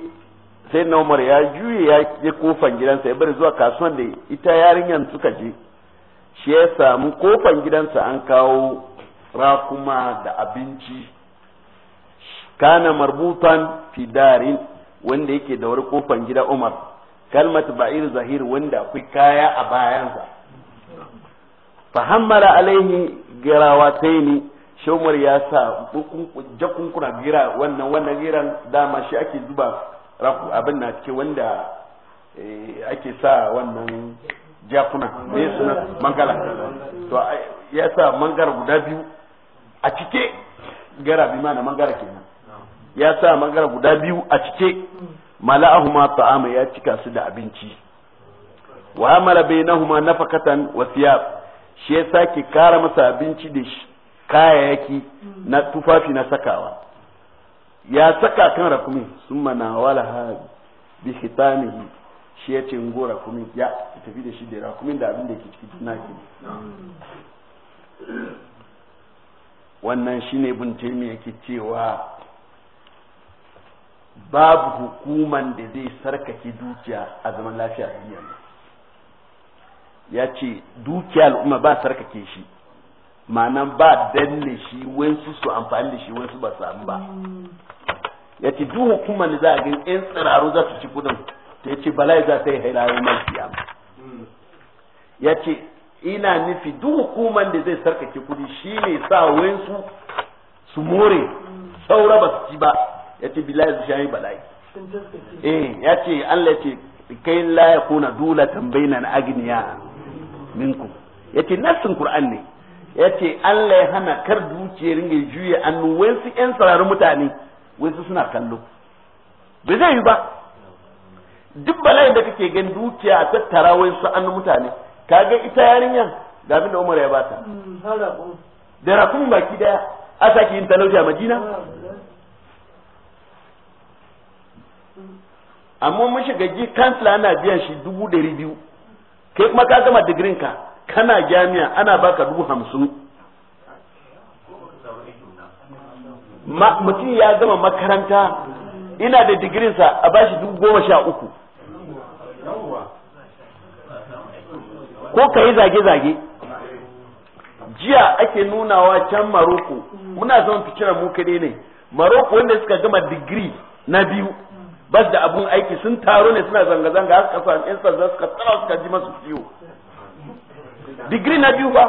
sai na umar ya juye ya je kofan gidansa ya bari zuwa kasuwan da ita yarinyar suka je shi ya samu kofan gidansa an kawo rakuma da abinci kana marbutan fidarin wanda yake da wani kofan gida umar kalmat ba'ir zahir wanda akwai kaya a bayansa fahammara alaihi ne shomar ya sa kuna gira wannan wannan giran dama shi ake zuba abin na cike wanda eh, ake sa wannan jakuna ne suna mangala to ya sa mangara guda biyu a cike gara bi mana mangara kenan ya sa mangara guda biyu a cike mala'ahuma ta'ama ya cika su da abinci wa amara bainahuma nafakatan wa thiyab shi ya sake kara masa abinci da kayayyaki na tufafi na sakawa ya saka kan rakumi summa nawalaha bi khitamihi shi ya ce ngo kuma ya tafi da shi da rakumin da abin da yake ciki wannan shine ibn taymiya yake cewa babu hukuman da zai sarkake dukiya a zaman lafiya duniya ya ce dukiya al'umma ba sarkake shi ma'ana ba danne shi wansu su amfani da shi wansu ba samu ba ya ce duk hukuman da za a gani yan tsiraru za su ci kudin ta ya ce bala'i za ta yi hairayen mai kiyama ya ce ina nufi duk hukuman da zai sarkake kudi shi ne sa wansu su more saura ba su ci ba ya ce billahi yanzu shayi bala'i eh ya ce Allah ya ce kai la ya kuna dula tambayi na agniya minku ya ce nassin Qur'an ne ya ce Allah ya hana kar dukiyar ringe juye annu wasu ƴan sararin mutane wasu suna kallo bai zai yi ba duk balai da kake gan dukiya a tattara wasu annu mutane kaga ita yarinyar ga abin da Umar ya bata hmm, da rakun baki daya a sake yin talauci a Madina amma mun shiga gi kansila ana biyan shi dubu ɗari biyu kai kuma ka gama digirin ka kana jami'a ana baka dubu hamsin mutum ya gama makaranta ina da digirinsa a bashi dubu goma sha uku ko ka yi zage-zage jiya ake nunawa can maroko muna zama fi mu kaɗai ne maroko wanda suka gama digiri na biyu bas da abun aiki sun taro ne suna zanga-zanga haka kasa in sanda suka tsara suka ji masu ciwo digiri na biyu ba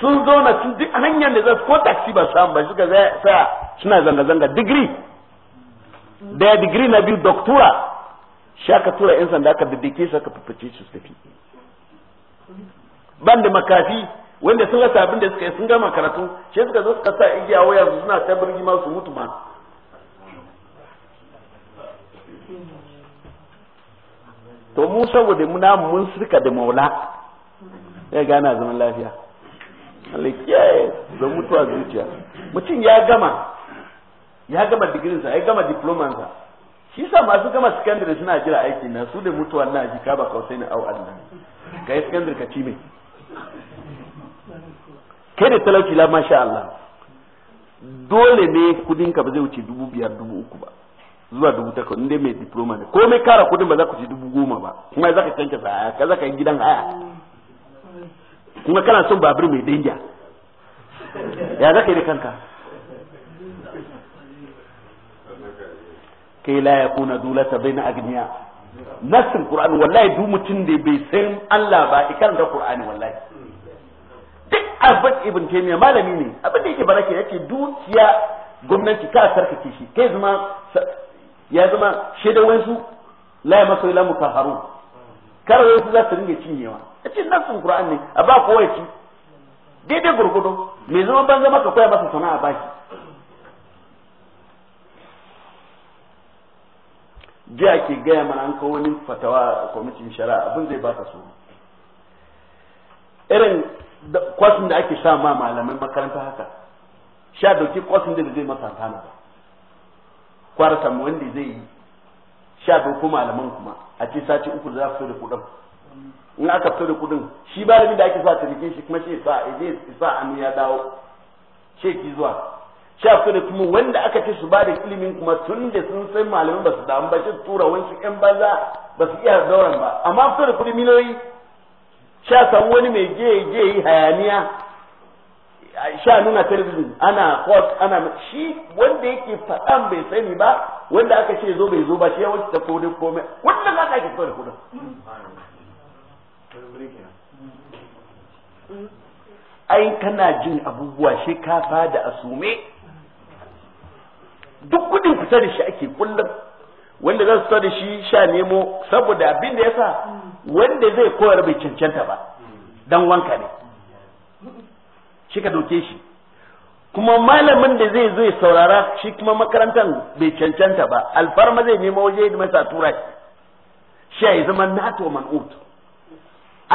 sun zo na sun duk hanyar da za su ko taxi ba samu ba suka sa suna zanga-zanga digiri daya digiri na biyu doktora sha ka tura yan sanda ka bibbike su ka fifice su tafi ban da makafi wanda sun rasa abin da suka yi sun gama karatu shi suka zo suka sa igiya waya suna ta birgima su mutu ma to mu saboda muna mun suka da maula ya gana zaman lafiya Allah kiyaye da mutuwa zuciya mutum ya gama ya gama digirinsa ya gama diplomansa shi sa masu gama secondary suna jira aiki na su da mutuwa na ji ka ba kausai na au Allah kai yi secondary ka ci mai kai da talauci la masha Allah dole ne kudinka ba zai wuce dubu biyar dubu uku ba zuwa dubu takwas inda mai diploma ne komai kara kudin ba za ku ci dubu goma ba kuma za ka canka haya ka za ka yi gidan haya kuma kana son babur mai danja ya za ka yi da kanka kai la ya kuna ta bai na agniya nassin qur'ani wallahi duk mutum da bai san Allah ba ikan karanta qur'ani wallahi duk abin ibn taymiya malami ne abin da yake barake yake dukiya gwamnati ka sarkake shi kai zama ya zama shaidan wasu la ya masoyi la haru kar wasu za su ringa cinyewa a cikin nasin qur'an ne a ba kowa ci daidai gurgudu mai zama banza ka koya masa sana'a ba shi jiya ke gaya mana an kawo wani fatawa kwamitin shari'a abin zai baka so irin kwasin da ake sa ma malamai makaranta haka sha dauki kwasin da zai masa tana ba kwara samu wanda zai yi sha bai ko malaman kuma a ce sati uku za su da kudin in aka fito da kudin shi ba da ake sa rike shi kuma shi sa ya sa annu ya dawo ce ki zuwa sha fito da kuma wanda aka ce su ba da ilimin kuma tun da sun san malamin ba su damu ba shi tura wani yan banza ba su iya zauren ba amma fito da kudin miliyoyi sha samu wani mai je je yi hayaniya sha nuna talabijin ana kwas ana shi wanda yake faɗan bai sani ba wanda aka ce zo bai zo ba shi ya wuce ta kone kome wanda za ka ake kawai kudin ai kana jin abubuwa shi ka fada asume duk kudin fita da shi ake kullum wanda zan fita da shi sha nemo saboda abin da yasa wanda zai koyar bai cancanta ba dan wanka ne shi ka doke shi kuma malamin da zai zo ya saurara shi kuma makarantar bai cancanta ba alfarma zai nemo waje da masa tura shi ya zama nato man'ut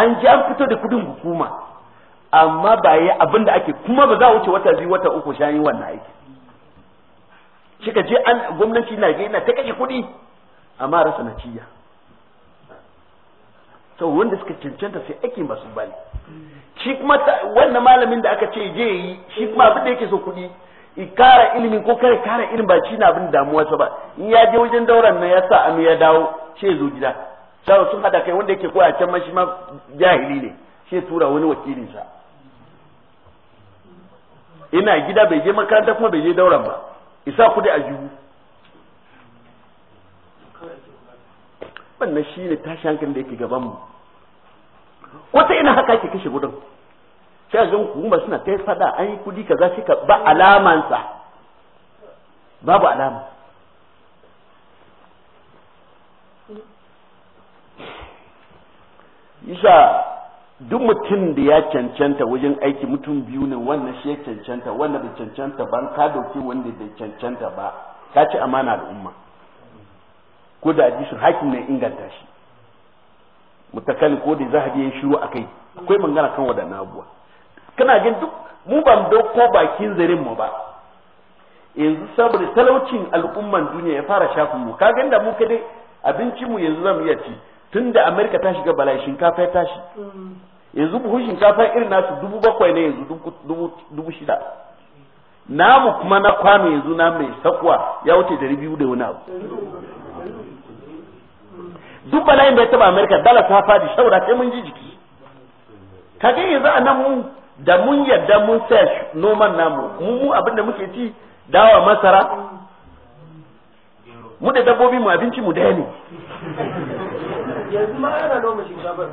an ji an fito da kudin hukuma amma ba ya abin da ake kuma ba za a wuce wata biyu wata uku sha yi wannan aiki shi ka je an gwamnati na ga ina ta kashe kuɗi amma rasa na ciya to wanda suka cancanta sai ake masu bani shi kuma wannan malamin da aka ce je yi shi kuma abin da yake so kuɗi kara ilimin ko kare kara ilimin ba shi na abin damuwarsa ba in ya je wajen dauran nan ya sa anu ya dawo shi zo gida sai sun hada kai wanda yake koya can ma shi ma jahili ne shi tura wani wakilin sa. ina gida bai je makaranta kuma bai je dauran ba isa kudi a juhu wannan shi ne tashi hankalin da yake gaban mu wata ina haka ke kashe gudun sai ku kuma suna ta fada an yi kudi kaza shi ka ba alamansa babu alama isa duk mutum da ya cancanta wajen aiki mutum biyu ne wannan shi ya cancanta wannan da cancanta ban ka dauki wanda bai cancanta ba ka ci amana al'umma ko da hadisin hakim ne inganta shi mutakalli ko da zahabi ya shiru akai akwai magana kan wadannan abuwa kana jin duk mu ban dauko bakin zarin mu ba yanzu saboda talaucin al'umman duniya ya fara shafin mu ka ganda mu kadai abinci mu yanzu zamu iya ci tunda amerika ta shiga bala shinkafa ya tashi yanzu buhun shinkafa irin nasu dubu bakwai ne yanzu dubu shida namu kuma na kwano yanzu na mai sakwa ya wuce dari biyu da wani abu duk bala'in da ya taba amerika dala ta fadi saboda sai mun ji jiki kaga yanzu a nan mu da mun yadda mun sai noman namu mu mu abin da muke ci dawa masara mu da dabbobi mu abinci mu dai ne yanzu ma ana noma shinkafa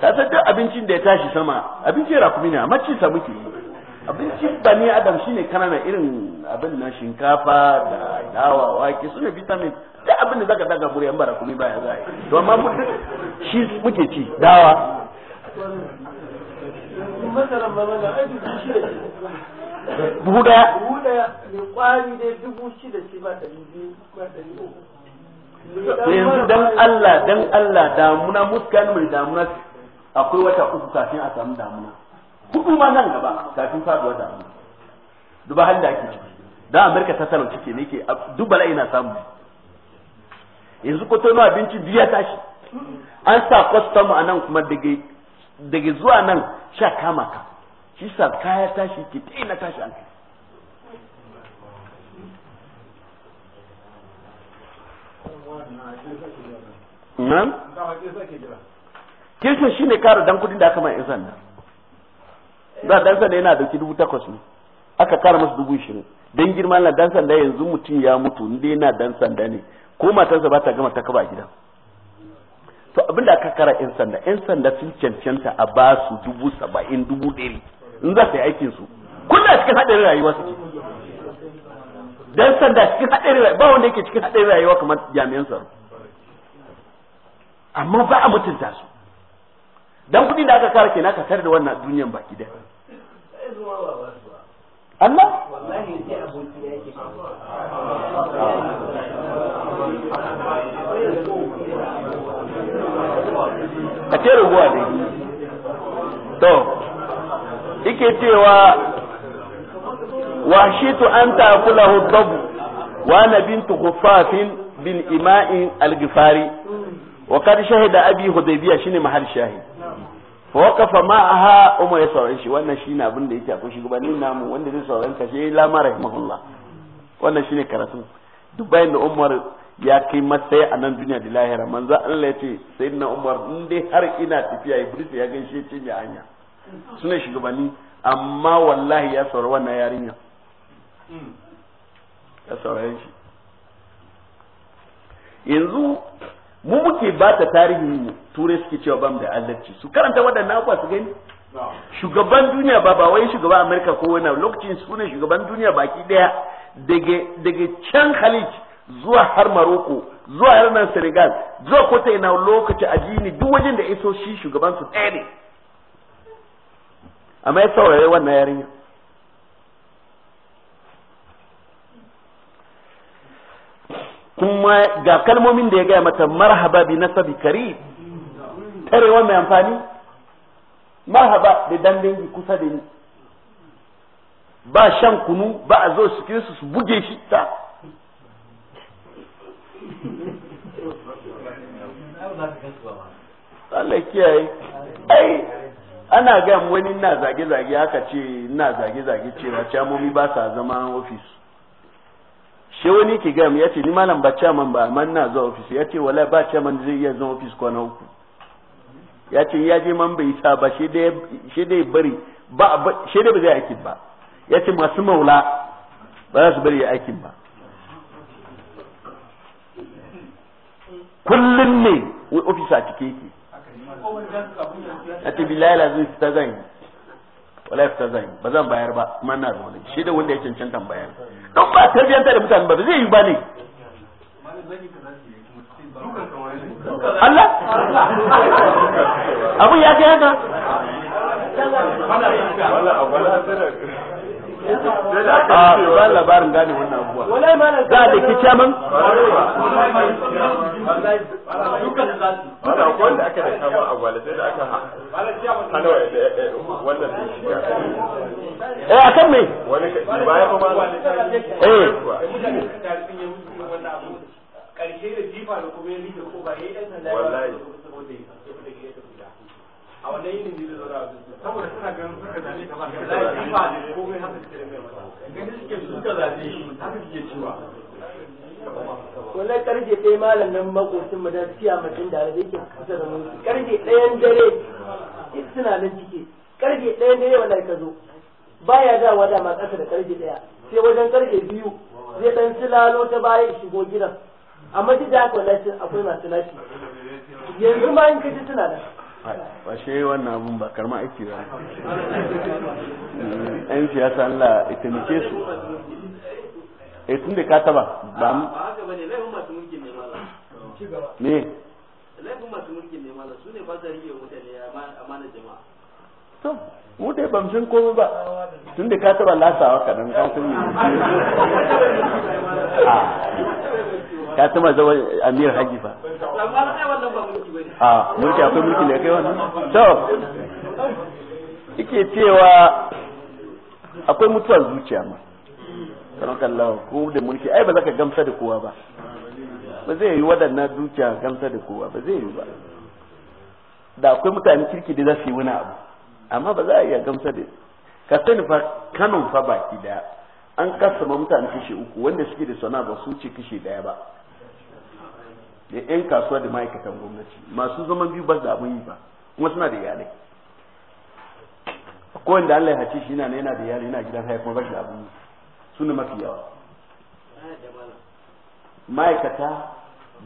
ta san abincin da ya tashi sama abincin rakumi ne amma ci sa muke yi abincin bani adam shine kanana irin abin na shinkafa da dawa wake su ne vitamin da abin da zaka daga buri an bara kuma baya za yi to amma shi muke ci dawa buhu daya buhu daya mai kwari dai dubu shida ce ba ɗari biyu ba yanzu dan Allah dan Allah damuna muskan mai damuna akwai wata uku kafin a samu damuna hudu ma nan gaba kafin faduwar damuna duba halin da ake ciki dan Amerika ta talauci ke ne ke duk bala'i na samu yanzu ko tono abinci biya tashi an sa kwastam a nan kuma daga zuwa nan sha kama ka shi sa kaya tashi ke ta tashi an nan? kirkin shi ne kara dan kudin da aka mai izan nan za dan sanda yana dauki dubu takwas ne aka kara masa dubu shirin don girman na dan sanda yanzu mutum ya mutu inda yana dan sanda ne ko matarsa ba ta gama ta kaba a gidan to abin da aka kara yan sanda yan sanda sun cancanta a ba su dubu saba'in dubu ɗari in za su yi aikin su kullum cikin haɗarin rayuwa suke dan sanda cikin haɗarin rayuwa ba wanda yake cikin haɗarin rayuwa kamar jami'an tsaro amma ba a mutunta su dan kuɗin da aka kara kenan aka tare da wannan duniyan ba gidan Allah wallahi sai yake a ce raguwa dai to ike cewa tu an kula dabu wa na bintu hufafin bin ima'in algifari wa wa shahi shahida abi hudaybiya shine mahal shahi fa waqafa ma'aha umar ya sauran shi wannan shine abin da yake akwai shugabannin namu wanda zai sauran ka sai lama rahimahullah wannan shine karatu duk bayan da umar ya kai matsayi a nan duniya da lahira manzo Allah ya ce sayyidina Umar in dai har ina tafiya Iblis ya ganshe ce ya hanya suna shugabanni amma wallahi ya saura wannan yarinya ya saurari shi yanzu mu muke ba ta tarihin turai suke cewa bam da adalci su karanta waɗannan abubuwa su gani shugaban duniya ba ba wai shugaban amurka ko wani lokacin su ne shugaban duniya baki daya daga can khalid zuwa har Maroko zuwa har Senegal zuwa ko ina lokaci ajini duk wajen da iso shi shugaban su ɗaya ne amma ya saurare wannan yarinya kuma ga kalmomin da ya gaya mata marhaba bi nasabi kari tarewa mai amfani marhaba da dan dangi kusa da ni ba shan kunu ba a zo su su buge shi ta Allah kiyaye ai ana ga wani na zage zage haka ce na zage zage cewa camomi ba sa zama ofis she wani ki ga ya ce ni malam ba chairman ba amma na zuwa ofis ya ce wala ba chairman zai iya zama ofis kwana uku ya ce ya je man bai sa ba shi dai bari ba shi dai ba zai aikin ba ya ce masu maula ba za su bari ya aikin ba kullum ne wai ofisa cike yake a ce la zai fita zan wala fita zan ba zan bayar ba kuma na zaune shi da wanda ya cancanta bayar don ba tarbiyyanta da mutane ba zai yi ba ne Allah abu ya kai haka a ba labarin gane wannan za a daki kyaman wanda akwai aka da kama a gwale da aka hana eh, eh, wannan sun shiga eh me wani ba ya eh karshe da jifa da kuma da ko ba ya yi ɗan sanda ya ba da saboda ya da gida a wannan yin da zai zaura a saboda suna ganin suka zabe kamar ka zabe ba da komai haka suke mai masa ganin suke suka zabe haka suke cewa wannan karfe ɗaya malam nan makocin mu dan siya mutum da da yake kusa da mu karfe ɗayan dare suna nan ciki karfe ɗayan dare wallahi ka zo baya dawa ma kasa da karfe ɗaya sai wajen karfe biyu zai dan silalo ta baya shigo gidan amma duk da haka wallahi akwai masu nashi yanzu ma in kaji suna nan ba shi wannan abin ba karma aiki ba yan siyasa Allah ya taimake su eh tun da ka taba ba mu ba haka ne laifin masu mulkin ne mala su ne ba sa rike mutane amana jama'a mu dai ban san komai ba tun da ka taba lasawa kadan ka san me ah. ka taba zama amir haji ba a ah, mulki akwai mulki ne kai wannan to yake cewa akwai mutuwa zuciya ma karakallawa ko da mulki ai ba za ka gamsa da kowa ba ba zai yi waɗannan zuciya gamsa da kowa ba zai yi ba da akwai mutane kirki da za su yi wani abu amma ba za a iya gamsa da ka sani fa kanon fa baki daya an kasama mutane kashe uku wanda suke da sana'a ba su ce kashe daya ba da yan kasuwa da ma'aikatan gwamnati masu zaman biyu ba da yi ba kuma suna da iyalai ko wanda Allah ya hace shi yana yana da iyalai yana gidan haifin kuma ba shi abin su ne mafi yawa ma'aikata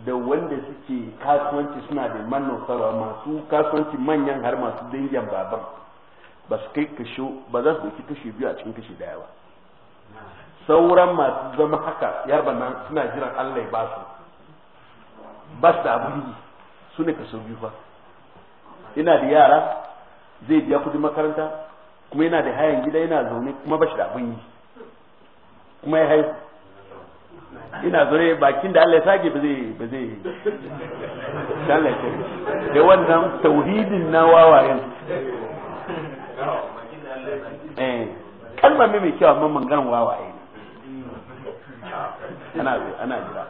da wanda suke kasuwanci suna da manufar masu kasuwanci manyan har masu dangin baban ba su kai kasho ba za su dauki kashi biyu a cikin kashi daya ba sauran masu zama haka yarba nan suna jiran Allah ya ba su ba su da abin yi su ne kaso biyu fa ina da yara zai biya kudin makaranta kuma yana da hayan gida yana zaune kuma ba shi da abin yi kuma ya haihu ina zaune bakin da Allah ya sage ba zai ba zai Allah ya da wannan tauhidin na wawayen Eh, kalma mai kyau amma mangan wawaye ne ana ana jira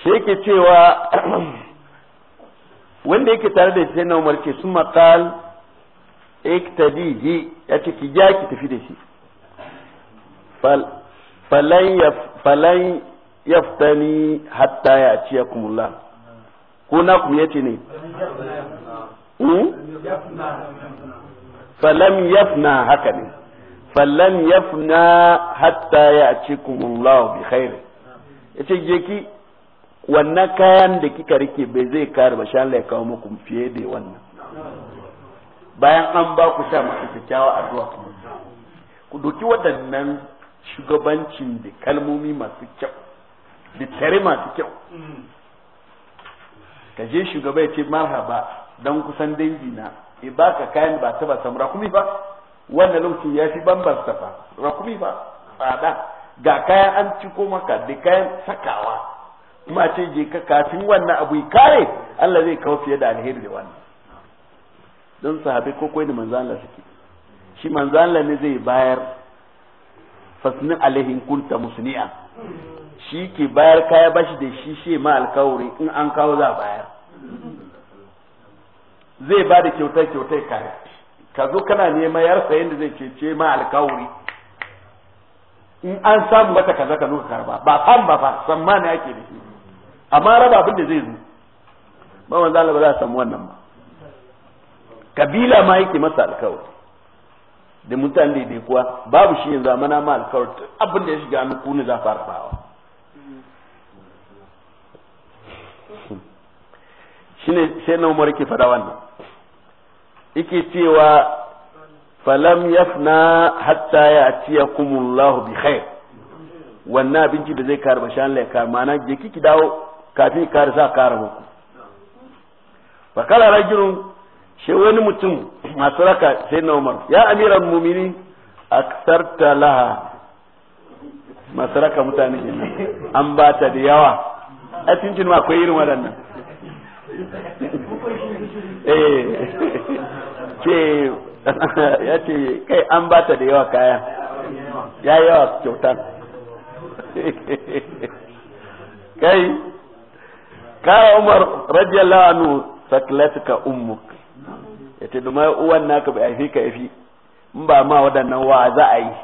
shi yake cewa wanda yake tare da sai na umar ke sun makal iktadihi ya ce ki ja ki tafi da shi falan yaftani hatta ya ciya kumullah ko na ku yace ne falam yafna haka ne falam yafna hatta ya ya'tikumullahu bi khair yace ki wannan kayan da kika rike bai zai kare ba sha Allah ya kawo muku fiye da wannan bayan an ba ku sha masu kyakkyawa addu'a ku doki waɗannan shugabancin da kalmomi masu kyau da tare masu kyau ka je shugaba ya ce marhaba dan kusan dangi na e baka kayan ba taba samu rakumi ba wannan lokacin ya fi bambanta fa rakumi ba tsada ga kayan an ko maka da kayan sakawa kuma ce je ka kafin wannan abu ya kare Allah zai kawo fiye da alheri da wannan don sahabi ko koyi da manzan Allah suke shi manzan Allah ne zai bayar fasni alaihin kunta musni'a shi ke bayar kaya bashi da shi shi ma alkawari in an kawo za bayar zai ba da kyautai kyautai kare ka zo kana nema yarsa yadda zai cece ma alkawuri in an samu mata kaza ka zo ka karba ba fam ba fa sammani ake da shi amma raba abin da zai zo ba manzo Allah ba za a samu wannan ba kabila ma yake masa alƙawuri. da mutane da kuwa babu shi yanzu amana ma alkawari abin da ya shiga an kuni za fara bawa shine sai na umar ke fada wannan yake cewa falam yafna hatta ya tiya kumullahu bi khair wannan abinci da zai karba shan laika mana je kiki dawo kafin kar sa kare muku fa kala rajulun shi wani mutum masu raka sai na umar ya amiran mumini aksarta laha masu mutane an ba ta da yawa a cikin akwai irin waɗannan ce eh. ya ce kai an bata da yawa kaya ya yawa kyautan kai kaya umar radiyallahu anhu saklatuka ummuk yace domin uwan naka bai haifi ka haifi in ba ma waɗannan wa za a yi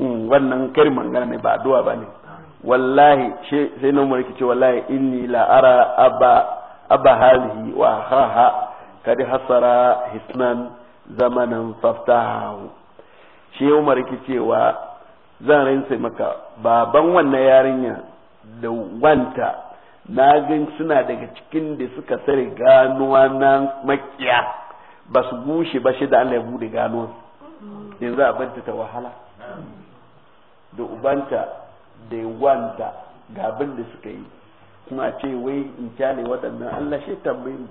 hmm, wannan karin mangana ne ba duwa ba ne wallahi sai na umar ce wallahi inni la ara abba abba halihi wa haha kadi hasara hisnan zamanan faftahu shi umar ki cewa zan rinse maka baban wannan yarinya da wanta na gan suna daga cikin da suka tsare ganuwa na makiya ba su gushe ba shi da Allah ya bude ganuwa yanzu a ta wahala da ubanta da wanda ga abin da suka yi kuma ce wai in kyale waɗannan Allah shi tambayi mu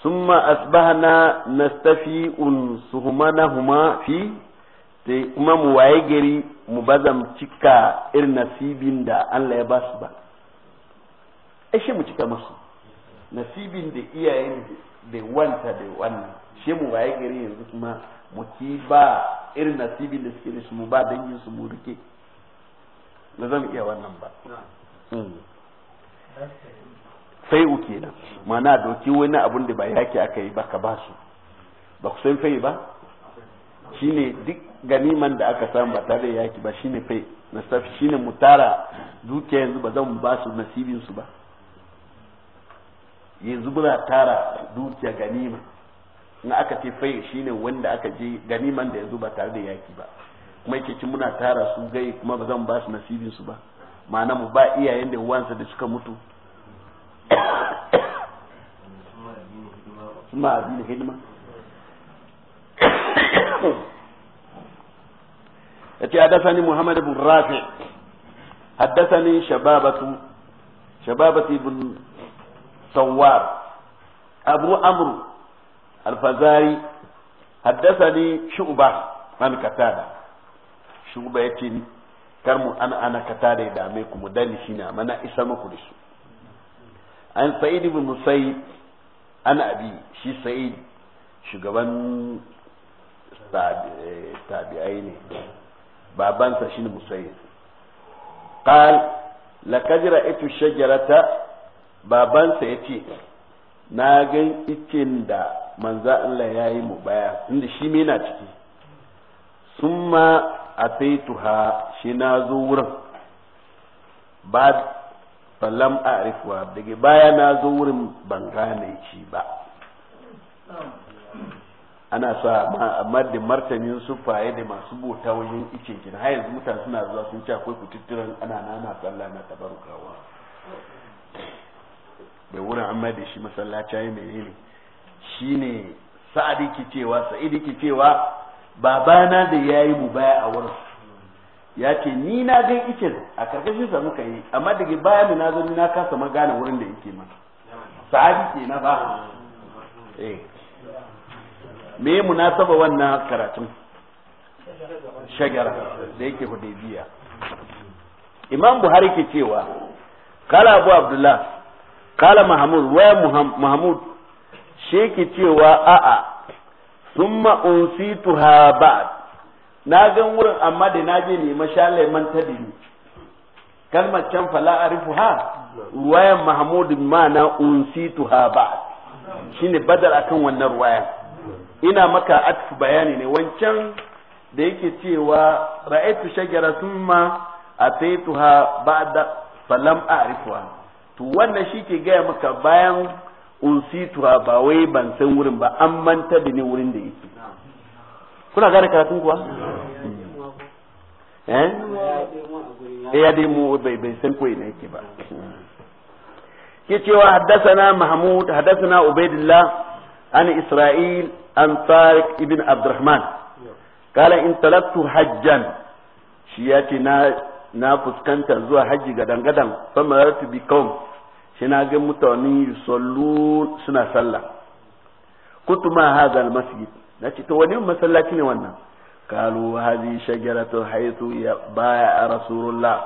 ثم أصبحنا نستفي سهمانهما في sai kuma mu waye gari mu bazam cika irin nasibin da Allah ya basu ba ashe mu cika masu nasibin da iyayen da wanta da wannan shi mu waye gari yanzu kuma mu ki ba irin nasibin da suke da su mu ba dangin su mu rike ba zan iya wannan ba sai hmm. uke nan mana doki wani abun da ba yaki aka yi ba ka ba su ba ku san fai ba shine duk ganiman da aka samu ba tare da yaki ba shine fai na shine mutara dukiya yanzu ba zan ba su nasibin su ba yanzu muna tara dukiya ganima na aka ce fai shine wanda aka je ganiman da yanzu ba tare da yaki ba kuma yake ci muna tara su gai kuma ba zan ba su nasibin su ba ma'ana mu ba iyayen da wansa da suka mutu suna da hidima yace hadathani muhammad ibn rafi hadathani shababatu shababati ibn Alfazari أبو أمرو الفزاري حدثني شعبة Shu'ba قتادة شعبة kar karmu ana ana katada ya dame ku mu dani shine amma na isa muku da su an sa'id ibn musayyib ana abi shi sa'id shugaban eh, tabi'ai ne babansa shine musayyib qal laqad ra'aytu shajarata babansa ya ce na gan icin da manza Allah ya yi mu baya inda shi na ciki sun ma a tuha shi na zo wurin ba falam a arifuwa daga baya na zo wurin ban gane shi ba ana sa amma da martanin sufaye da masu bota wajen ice kin har yanzu mutane suna zuwa sun ce akwai kututturan ana nana sallah na tabarukawa da wurin amma da shi masallaci ne menene shine sa'adi ki cewa sa'idi ki cewa babana da yayi mu baya a wurin ya ce ni na ga ikin a karkashin sa muka yi amma daga baya mu na zo na kasa ma gane wurin da yake ma sa'adi ke na ba eh me munasaba wannan karatun shagara da yake hudaybiya imam buhari ke cewa kala abu abdullah kala mahamud waya mahamud sheki cewa a'a summa unsituha ba'd na gan wurin amma da na je nema ta dini kalmar can fala arifuha ruwayan mahmud ma'ana unsituha ba'd shine a akan wannan ruwayan ina maka atf bayani ne wancan da yake cewa ra'aytu shajara thumma ataituha ba'da falam a'rifuha to wannan shi ke gaya maka bayan unsituwa ba wai ban san wurin ba an manta da ne wurin da yake kuna gane karatun kuwa eh, eh ya dai mu bai bai san koyi ne yake ba ke cewa haddathana mahmud na ubaidillah an isra'il an tariq ibn abdurrahman قال انطلقت hajjan shi ya ce na fuskanta zuwa hajji gadan-gadan famaratu bi shi na ga mutane sallu suna sallah kutu ma hadha almasjid nace to wani masallaci ne wannan kalu hadhi shajaratu haythu ya baya rasulullah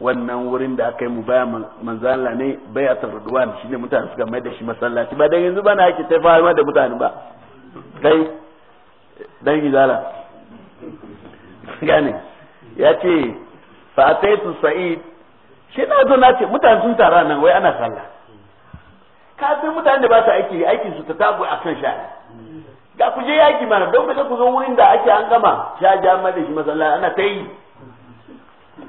wannan wurin da aka yi mu baya manzala ne baya tarduwan shine mutane suka mai da shi masallaci ba dan yanzu ba na yake ta fama da mutane ba kai dan gidala gane ya ce fa sa'id shi na zo na ce mutane sun tara nan wai ana sallah kafin mutane da ba su aiki aikin su ta a kan shara ga ku je yaki mana don ka ku zo wurin da ake an gama sha ja da shi masalla ana ta yi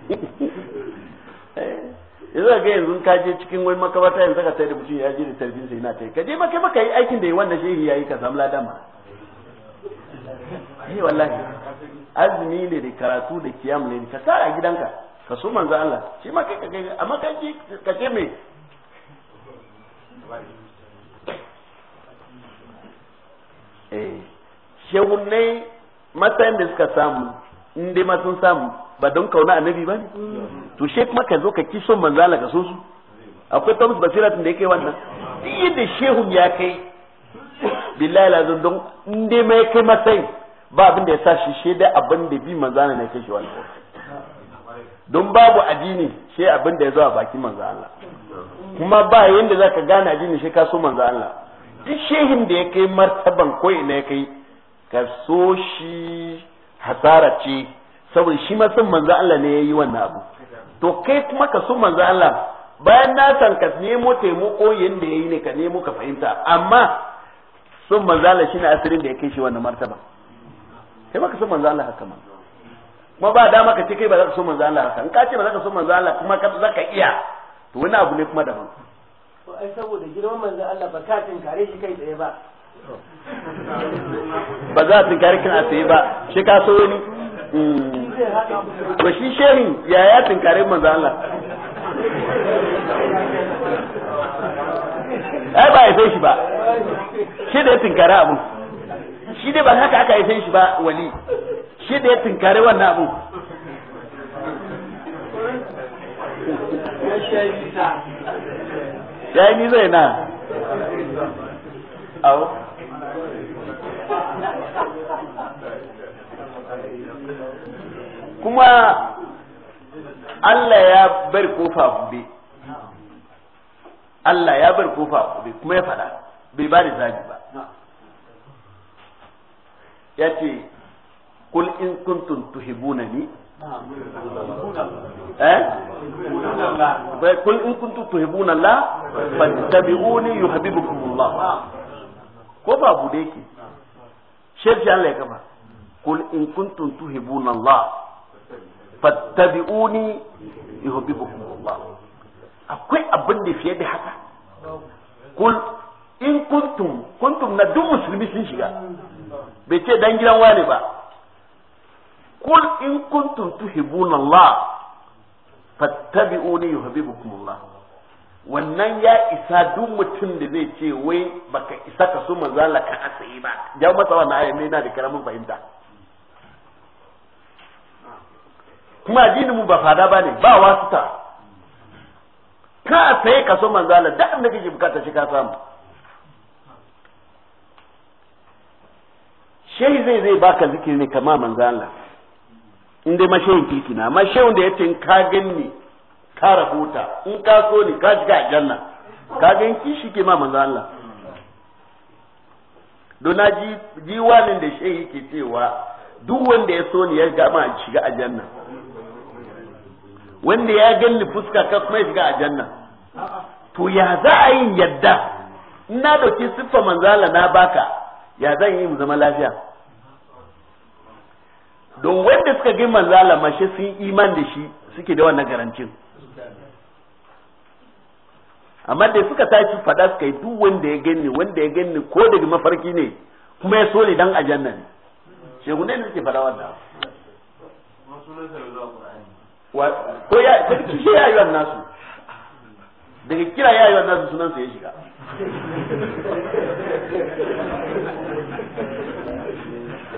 yanzu ga yanzu ka je cikin wani makabata yanzu ka tsaye da mutum ya je da tarbin sai na tai ka je maka maka yi aikin da ya wanda shehi yayi ka samu ladama eh wallahi azumi ne da karatu da kiyam ne ka a gidanka ka so manzo Allah shi ma kai ka kai amma kai ki ka ce me eh shehunai matan da suka samu in dai ma sun samu ba don kauna annabi ba ne to she kuma ka zo ka ki so manzo Allah ka so su akwai tamus basiratin da yake wannan duk yadda shehun ya kai billahi lazim don in dai mai kai matsayin ba abin da ya sa shi shaida abin da bi manzo Allah na kai shi wannan don babu addini shi abin da ya zo a baki manzo Allah kuma ba yanda ka gane addini shi ka so manzo Allah duk shehin da ya kai martaban ko ina ya kai ka so shi hasara ce saboda shi ma san manzo Allah ne yayi wannan abu to kai kuma ka so manzo Allah bayan na san ka nemo taimako yanda yayi ne ka nemo ka fahimta amma son manzo Allah shine asirin da ya kai shi wannan martaba kai ma ka so manzo Allah haka ma kuma ba dama ka ce kai ba za ka so manzo Allah haka in ka ce ba za ka so manzo Allah kuma ka za ka iya to wani abu ne kuma daban to ai saboda girman manzo Allah ba ka tinkare shi kai tsaye ba ba za a tinkare kin a tsaye ba shi ka so wani ba hmm. shi shehin ya ya tinkare manzo Allah ai ba ya san shi ba shi da ya tinkare abu shi dai ba haka aka yi san shi ba wali shi da ya tinkari wannan abu ya yi ni na au kuma Allah ya bar kofa kube Allah ya bar kofa kube kuma ya fada bai ba da zagi ba ya ce kul in kuntum tuhibunani eh kul in kuntum tuhibuna Allah fattabi'uni yuhibbukumullah ko ba bude yake shirki Allah ya gaba kul in kuntum tuhibuna Allah fattabi'uni yuhibbukumullah akwai abin da fiye da haka kul in kuntum kuntum na duk musulmi sun shiga bai ce dan gidan wani ba kul in kuntum tuhibbuna Allah fattabi'uni yuhibbukum Allah wannan ya isa duk mutum da zai ce wai baka isa ka so manzo Allah ka asayi ba ya masa wannan ayi ne yana da karamin fahimta kuma addinin mu ba fada bane ba wasuta ka asaye ka so manzo Allah duk da kake bukata shi ka samu shehi zai zai baka zikiri ne kama manzo Allah in dai mashayin kirki na mashayin da ya ce ka ganni ka rahota in ka so ni ka shiga janna ka gan shi ke ma manzo Allah don na ji jiwanin da shi yake cewa duk wanda ya so ni ya ga ma shiga janna wanda ya ganni fuska ka kuma ya shiga janna to ya za a yi yadda ina dauki siffa Allah na baka ya zan yi mu zama lafiya don wanda suka ga manzo Allah mashi sun iman da shi suke da wannan garancin amma da suka tashi fada suka yi duk wanda ya gani wanda ya gani ko daga mafarki ne kuma ya so ne dan ajanna ne shegune ne suke fada wannan ko ya shi ya yi nasu daga kira ya yi nasu sunan sa ya shiga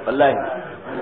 wallahi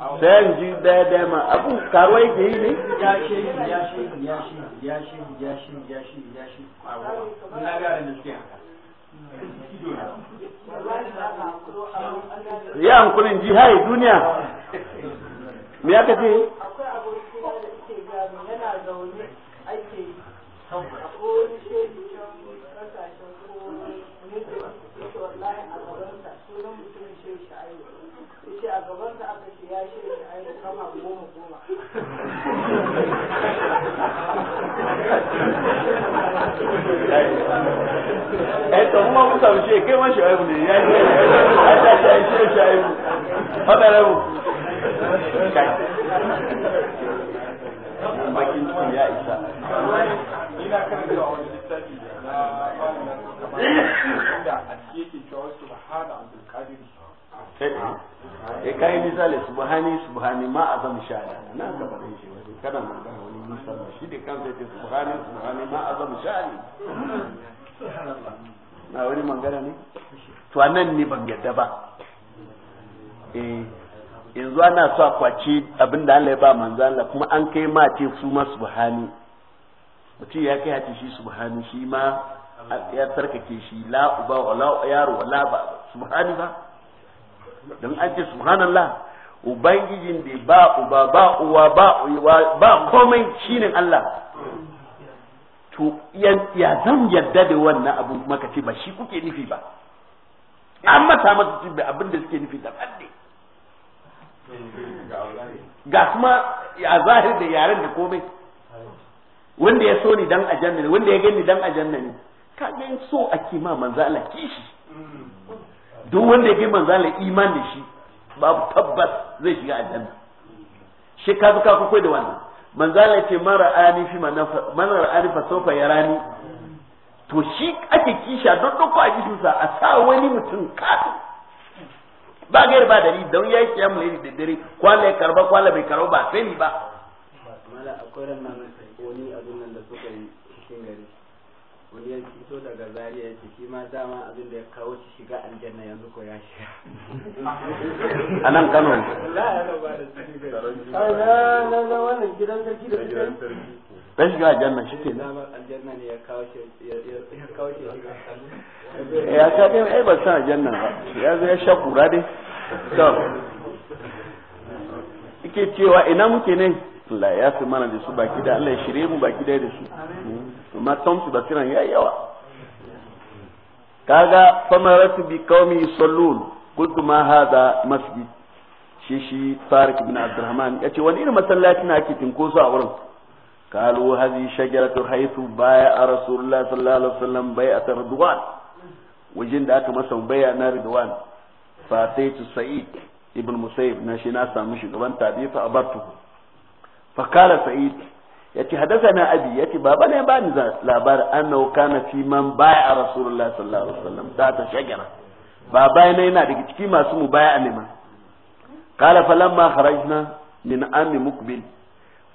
sai ji daya daya ma abu karuwa yake yi ne ya shi ya shi ya shi ya shi ya shi ya shi ya hai duniya me yace a gaban aka ya kama goma goma ina kan da wani littafi na ba mu a cikin cewa subhanahu eh kai misali subhani subhani ma azam sha'ani na ka bada shi wani kana magana wani musamman shi da kansa yake subhani subhani ma azam sha'ani na wani magana ne to anan ne ban yadda ba eh yanzu ana so a kwaci abin da Allah ya ba manzo Allah kuma an kai ma ce su ma subhani mutum ya kai hati shi subhani shi ma ya tarkake shi la uba la yaro wala ba subhani ba don an ce subhanallah ubangijin da ba uba ba uwa ba wa ba komai shine Allah to ya zan yadda da wannan abu maka ce ba shi kuke nufi ba an mata masa cibbe abin da suke nufi da fadde ga kuma a zahir da yaren da komai wanda ya so ni dan ajanna ne wanda ya gani dan ajanna ne ka so ake ma manzo Allah kishi duk wanda ya kai manzo Allah iman da shi babu tabbas zai shiga aljanna shi ka zuka ku koyi da wannan manzo Allah ce mara ani fi mara ani fa sofa yarani to shi ake kisha don ko a gidansa a sa wani mutum kafin ba gairi ba dalili don ya yi kiyam laili da dare kwala ya karba kwala bai karba ba sai ni ba mala akwai ran nan wani abin nan da suka yi cikin gari wani yanki fito daga Zariya ya ce shi ma dama abin da ya kawo shi shiga aljanna yanzu ko ya shiga a nan kano shi shiga aljanna shi ke aljanna ne ya kawo shi ya kawo shi shiga ya ka dai ai ba san aljanna ba ya zo ya sha kura dai to cewa ina muke ne Allah ya fi mana da su baki da Allah ya shirye mu baki da su amma tamsu basiran yayi yawa kaga famaratu bi qaumi yusallun qultu ma hadha masjid shi shi Tariq ibn Abdurrahman yace wani irin masallaci na ake tinkoso a wurin kalu hadhihi shajaratu haythu a rasulullah sallallahu alaihi wasallam bai'at ridwan wajen da aka masa bai'a na ridwan fa sayyidu sa'id ibn musayyib na shi na samu shugaban tabi'a fa abartu fa kala sa'id yace hadathana abi ya baba ne ba ni labar annahu kana fi man baya a rasulullah sallallahu alaihi wasallam da ta shagara baba ne yana daga cikin masu mu baya ne ma kala falamma kharajna min ammi mukbil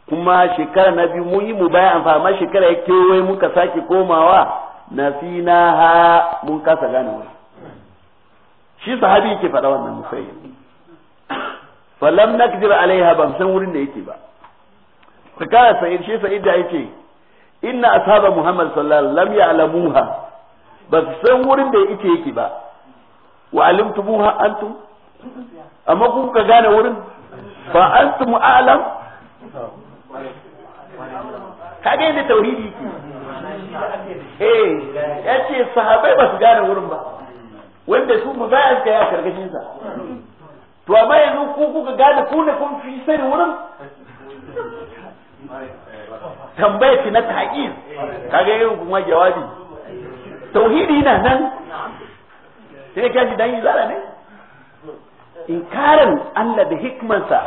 kuma shekara na biyu mun yi mu baya amfama shekara ya kewaye muka sake komawa na fina na ha mun kasa gane wa shi sahabi yake faɗa wannan musayi falam nakdir alaiha ba san wurin da yake ba ka kara sa'id shi sa'id da yake inna ashaba muhammad sallallahu alaihi wasallam ya'lamuha ba su san wurin da yake yake ba wa alimtumuha antum amma kun ka gane wurin fa antum a'lam kage da tauhidi ke eh yace sahabbai ba su gane wurin ba wanda su mu bayan ka ya karkashin sa to amma yanzu ku kuka gane ku ne kun fi sani wurin tambaya ki na ta'in kaga yau kuma jawabi tauhidi na nan sai ka ji dan zara ne inkarin Allah da hikmansa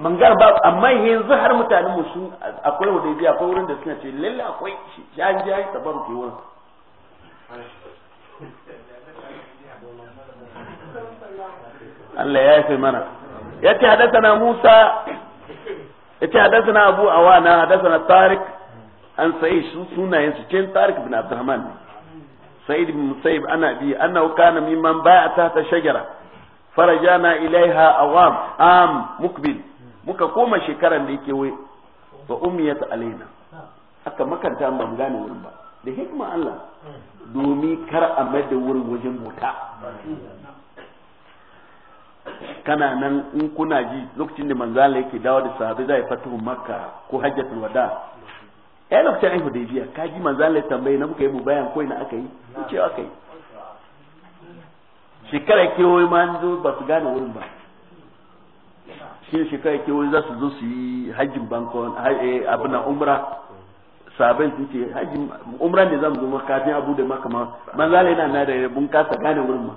mangar ba amma yanzu har mutanen mu sun akwai hudaybiya akwai wurin da suna ce lalle akwai shi an ji ai ke wurin Allah ya yafe mana yace na Musa yace hadathana abu awana hadathana tariq an sa'id su sunayen su cin tariq bin abdurrahman sa'id bin musayib ana bi annahu kana mimman ba'a tahta shajara farajana ilaiha awam am mukbil muka koma shekaran da yake wai wa ummiyat alaina aka makanta ban gane wurin ba da hikma Allah domin kar a mai da wurin wajen mota kana nan in kuna ji lokacin da manzala yake dawo da sahabi zai fatuhu makka ko hajjatul wada ai eh, lokacin ai hudaybiya ka ji manzala tambaye na muka yi mu bayan ko ina aka yi ce aka yi shekara kewoyi ma an zo ba su gane wurin ba shi shekara wai za su zo su yi hajjin bankon eh, abin na umra sahabbai sun ce hajjin umra ne za mu zo kafin abu da makama manzala yana na da bun kasa gane wurin ma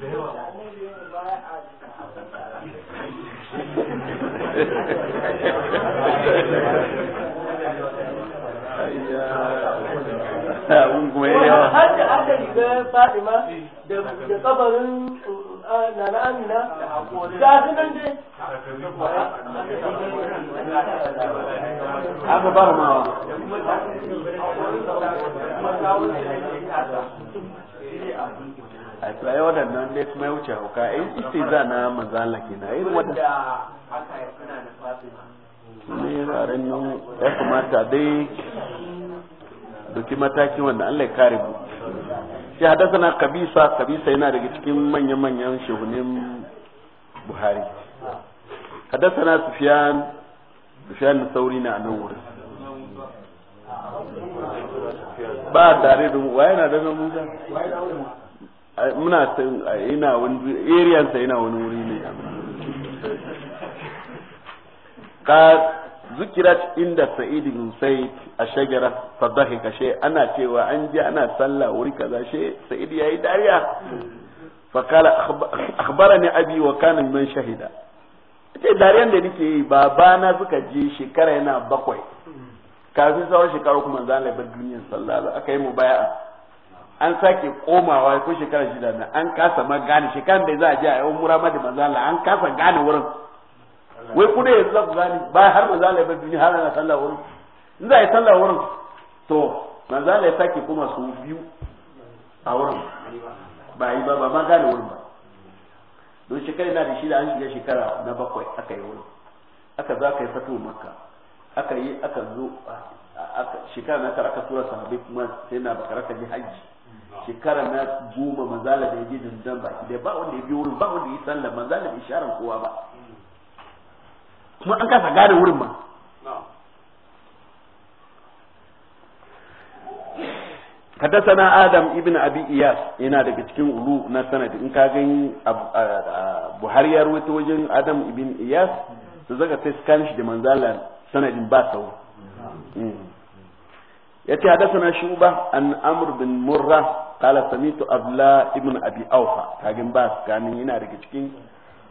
da yawa abun kuma ya a tsaye waɗannan ne kuma ya wuce hauka ai istiza na manzo Allah kenan ai wanda yi ne yaran nan ya kamata dai doki mataki wanda an lai kare bu shi na kabisa kabisa yana daga cikin manya manyan shehunin Buhari na Sufyan Sufyan Sauri na anan wurin ba tare da waye na da nan muna ina wani areas sa ina wani wuri ne ka zukirat inda sa'id bin sa'id a shagara ka she ana cewa an je ana sallah wuri kaza she sa'id yayi dariya fa kala akhbarani abi wa kana man shahida ce dariyan da nake yi babana suka je shekara yana bakwai kafin sauran shekaru kuma zan labar duniyar sallah aka yi mu baya'a an sake komawa ko shekara shida na an kasa ma gane shekarar da za a je a yawon umura ma da manzala an kasa gane wurin wai kuda yanzu za ku gane ba har manzala ya bar duniya har ana sallah wurin in za a yi sallah wurin to manzala ya sake koma su biyu a wurin ba yi ba ba ma gane wurin ba don shekara na da shida an shiga shekara na bakwai aka yi wurin aka za ka yi fato maka aka yi aka zo shekara na tara aka tura sahabai kuma sai na bakarar ka je hajji shekara na goma mazala da yaje dandan baki da ba wanda ya bi wurin ba wanda ya sallah mazala da isharar kowa ba kuma an kasa gane wurin ba حدثنا ادم ابن ابي اياس هنا daga cikin ulu na sanadi in ka gan buhari ya rawaito wajen adam ibn iyas to zaka sai scan shi da manzala sanadin ba sawu mm. yace na shuba an amr bin murrah qala samitu abla ibn abi aufa kagin ba kamin yana daga cikin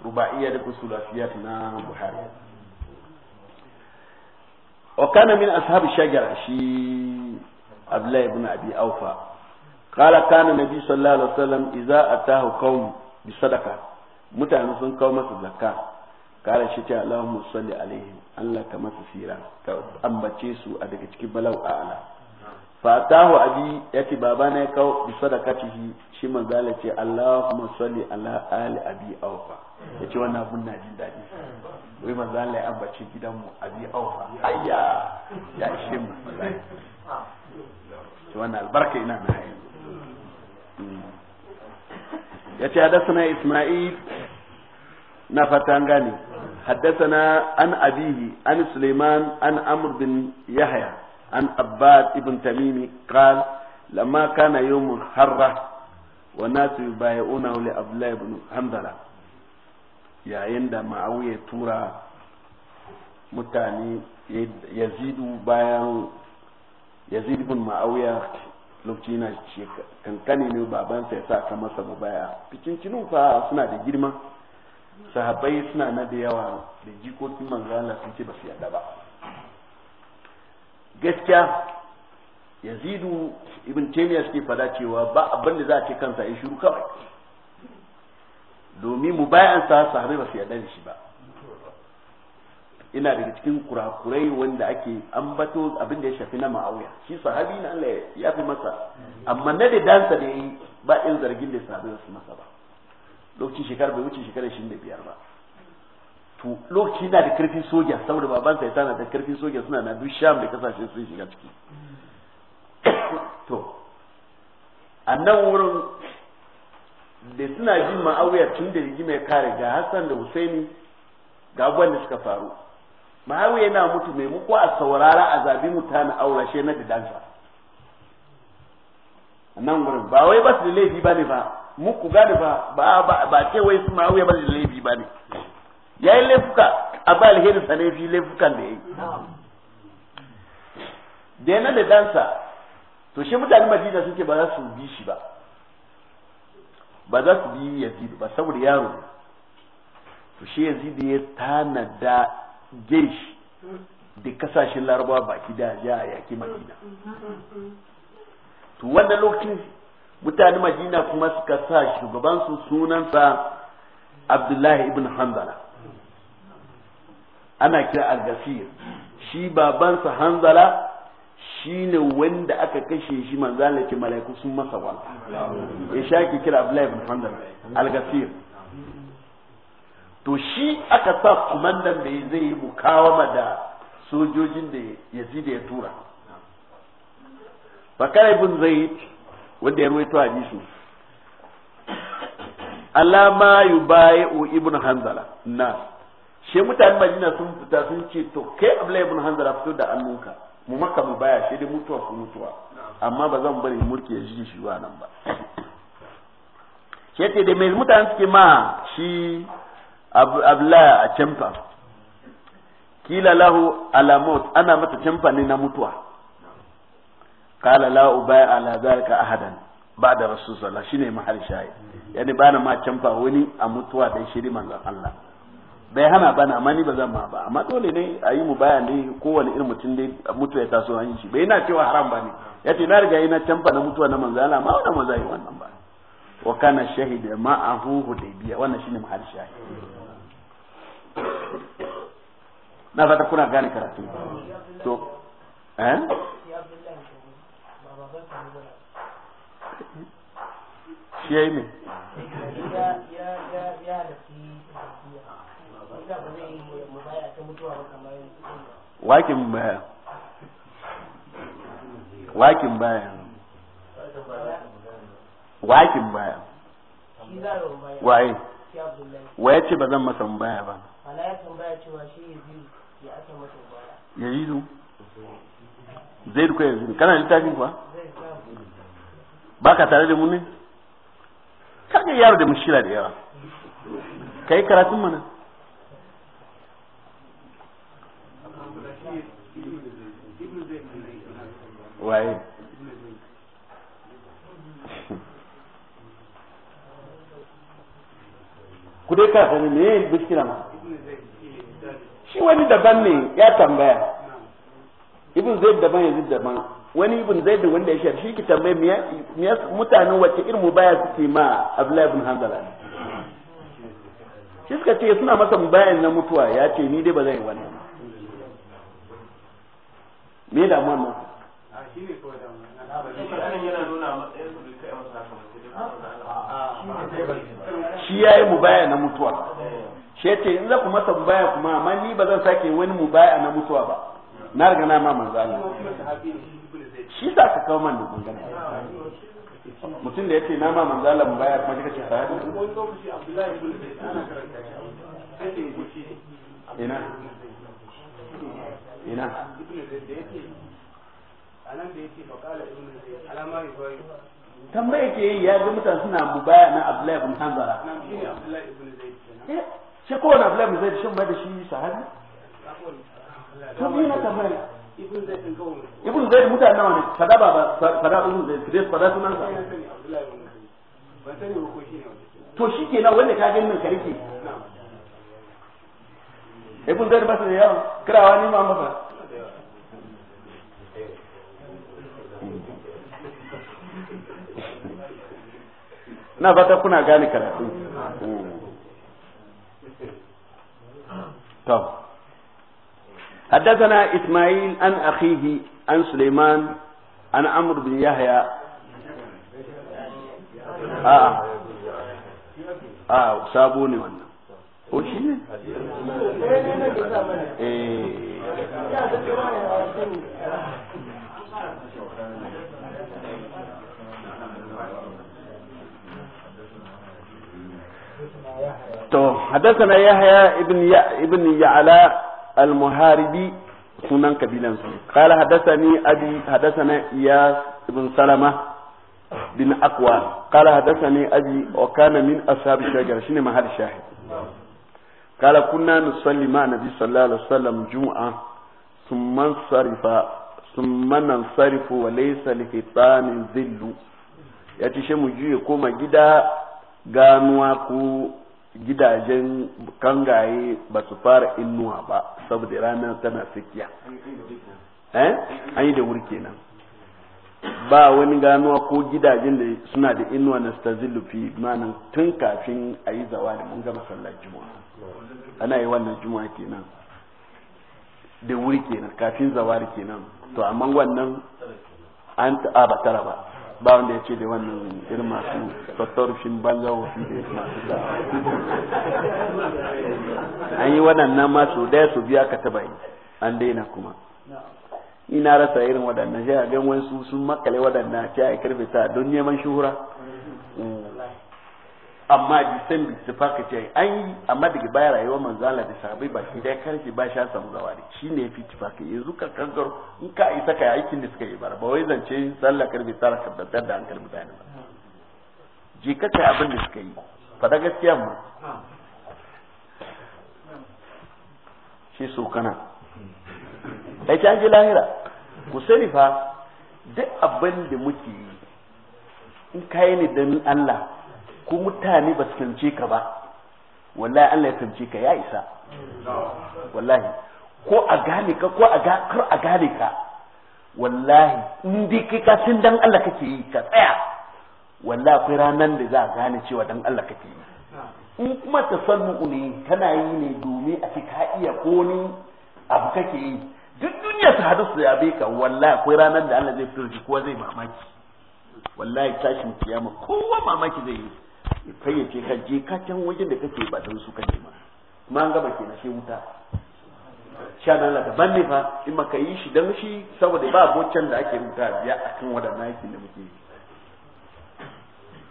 ruba'iyya da usulafiyat na buhari wa kana min ashabi shajara shi abla ibn abi aufa qala kana nabi sallallahu alaihi wasallam idza atahu qaum bi sadaqa mutane sun kawo masa zakka kare shi ta Allahumma salli alaihi Allah ka masa sira ka ambace su a daga cikin balau a'la fatahu abi yace baba na ya kawo bi sadakatihi shi manzala ce Allahumma salli ala ali abi aufa yace wannan abun na jin dadi wai manzala ya ambace gidanmu abi aufa ayya ya ishe mu to wannan albarka ina na yanzu hmm. yace hadathana isma'il na fatan gane haddasa عن أبيه عن سليمان عن عمرو بن yahaya. an abbas ibn tamimi qal lamma kana yawmun harra wa nasu yubayi'una li abdullah ibn hamdala yayin da ma'awiya tura mutane yazidu bayan yazid ibn ma'awiya lokaci yana ce kankani ne babansa ya sa ka masa mubaya fikincinin fa suna da girma sahabai suna na da yawa da jikokin manzo Allah sun ce ba su yarda ba gaskiya yazidu ibn taymiya suke fada cewa ba abin da za a ce kansa ya shiru kawai domin mu bayan sa sahabai ba su yarda da shi ba ina daga cikin kurakurai wanda ake ambato abin da ya shafi na ma'auya shi sahabi na Allah ya fi masa amma na da dansa da yi ba in zargin da sahabai su masa ba lokacin shekarar bai wuce shekarar 25 ba to lokaci na da karfin soja saboda baban ya tana da karfin soja suna na duk sham da kasashen sun shiga ciki to annan wurin da suna jin ma'awiyar tun da rigima ya kare ga hassan da husaini ga abubuwan da suka faru ma'awiyar yana mutu muku a saurara a zabi aura aurashe na didansa dansa annan wurin ba wai ba su da laifi ba ne ba muku gane ba ba ce wai su ma'auya ba su da laifi ba ne ya yi laifuka a ba alherin sane fi laifukan da ya yi da yana da dansa to shi mutane madina suke ba za su bi shi ba ba za su bi yazid ba saboda yaro to shi yazid ya tanada jeshi da kasashen larabawa baki da ya yaki madina to wannan lokacin mutane madina kuma suka sa shugabansu sunansa abdullahi ibn hanbala ana kira al-gasir shi babansa hanzala shine wanda aka kashe shi manzala ke mala'iku sun masa wanka ya shaki kira abdullahi ibn hanzala al-gasir to shi aka sa kumandan da zai yi bukawa da sojojin da ya da ya tura bakar ibn zaid wanda ya ruwaito hadisi alama yubai'u ibn hanzala na. she mutanen madina sun fita sun ce to kai abdullahi ibn hanzala fito da annunka mu maka mu baya shi dai mutuwa ku mutuwa amma ba zan bari mulki ya ji shi nan ba shi ce da mai mutane suke ma shi abla a camfa kila lahu mot ana mata canfa ne na mutuwa kala la ubaya ala zalika ahadan ba da rasu sallallahu shine mahal shayi yani bana ma canfa wani a mutuwa dai shiri manzon Allah bai hana ba na mani ba zan ma ba amma dole ne a yi mu baya ne kowane irin mutum dai mutu ya taso hanyar shi bai na cewa haram ba ne ya ce na riga yana canfa na mutuwa na manzo Allah ma wannan ma zai wannan ba wa kana shahida ma'ahu hudaybiya wannan shine mahal shahid na fata kuna gane karatu to eh shi ne wakin baya wakin baya wakin baya waye waye ce ba zan masa baya ba ya yi zu zai duka yanzu kana littafin kuwa ba ka tare da mu ne kaga yaro da mushkila da yawa kai karatun mana waye ku dai ka sani me yin ma shi wani daban ne ya tambaya ibn zaid daban yanzu daban wani ibn zaid da wanda ya shar shi ki tambaye me mutanen wace irin mubaya suke ma abdullahi ibn hanzala shi suka ce suna masa mubayan na mutuwa ya ce ni dai ba zan yi wannan me da mu shi ya yi mubaya na mutuwa eh. shi ya ce in za ku masa mubaya kuma amma ni ba zan sake wani mubaya na mutuwa ba hmm. na riga na ma manzo Allah shi za ka kawo man da gungana mutum da ya ce na ma manzo Allah mubaya kuma kika ce sahabi ina ina anan da ke yi ya ga mutane suna na Abdullahi ibn Hanzala shi eh, ko na Abdullahi ibn Zayd shin mai da shi sahabi to bi na ibn Zayd din mutane nawa fada ba fada ibn Zayd fada sunan sa ba sani shi ne to wanda ka gani nan karike ibn Zayd ba da kirawa ne ma masa na fata kuna gane karatu to haddathana isma'il an akhihi an suleiman an amr bin yahya a a sabo ne wannan ko shi ne eh to hadathana yahya ibn ibn al-muharibi sunan kabilansu su qala hadathani abi hadathana iyas ibn salama bin aqwa qala hadathani abi wa kana min ashab shajar shine mahal shahid kala kunna nusalli ma nabi sallallahu alaihi wasallam juma thumma sarifa thumma nansarifu wa laysa li fitani dhillu yace she mu juye koma gida ganuwa ku gidajen kangaye ba su fara inuwa ba saboda ranar tana tsakiya eh an yi da wuri kenan ba wani ganuwa ko gidajen da suna da inuwa na stazilu fi manan tun kafin a yi zawali mun gama sallar juma'a ana yi wannan juma'a kenan da wuri kenan kafin zawali kenan to amma wannan an ta ba tara ba ba wanda ya ce da wannan irin masu tattarushin banza wasu da masu da an yi waɗannan masu daya su biya ka taba yi an daina kuma ina rasa irin waɗannan shi a gan wasu sun makale waɗannan ce a karfe ta don neman shuhura amma san bi tufa ka ce an yi amma daga baya rayuwar Allah da sahabbai ba shi dai karshe ba sha samu zawari shi ne fi tufa yanzu ka kankar in ka isa ka aikin da suka yi bara ba wai zance sallah karbi tsara tabbatar da hankali mutane ba je ka kai abin da suka yi fada gaskiya mu shi so kana dai ta ji lahira ku sani fa duk abin da muke yi in kai ne dan Allah ko mutane ba su fahimce ka ba wallahi Allah ya fahimce ka ya isa wallahi ko a gane ka ko a kar a gane ka wallahi in dai kai ka san dan Allah kake yi ka tsaya wallahi akwai ranan da za a gane cewa dan Allah kake yi in kuma tasannu ne kana yi ne domin a ka iya ko ni abu kake yi duk duniya ta hadu su yabe ka wallahi akwai ranar da Allah zai firji kowa zai mamaki wallahi tashin kiyama kowa mamaki zai yi fayyace ka je ka can wajen da kake ba don su ka nema kuma an gama kenan sai wuta sha nan la daban ne fa in maka yi shi dan shi saboda ba bocan da ake wuta biya kan wadannan aikin da muke yi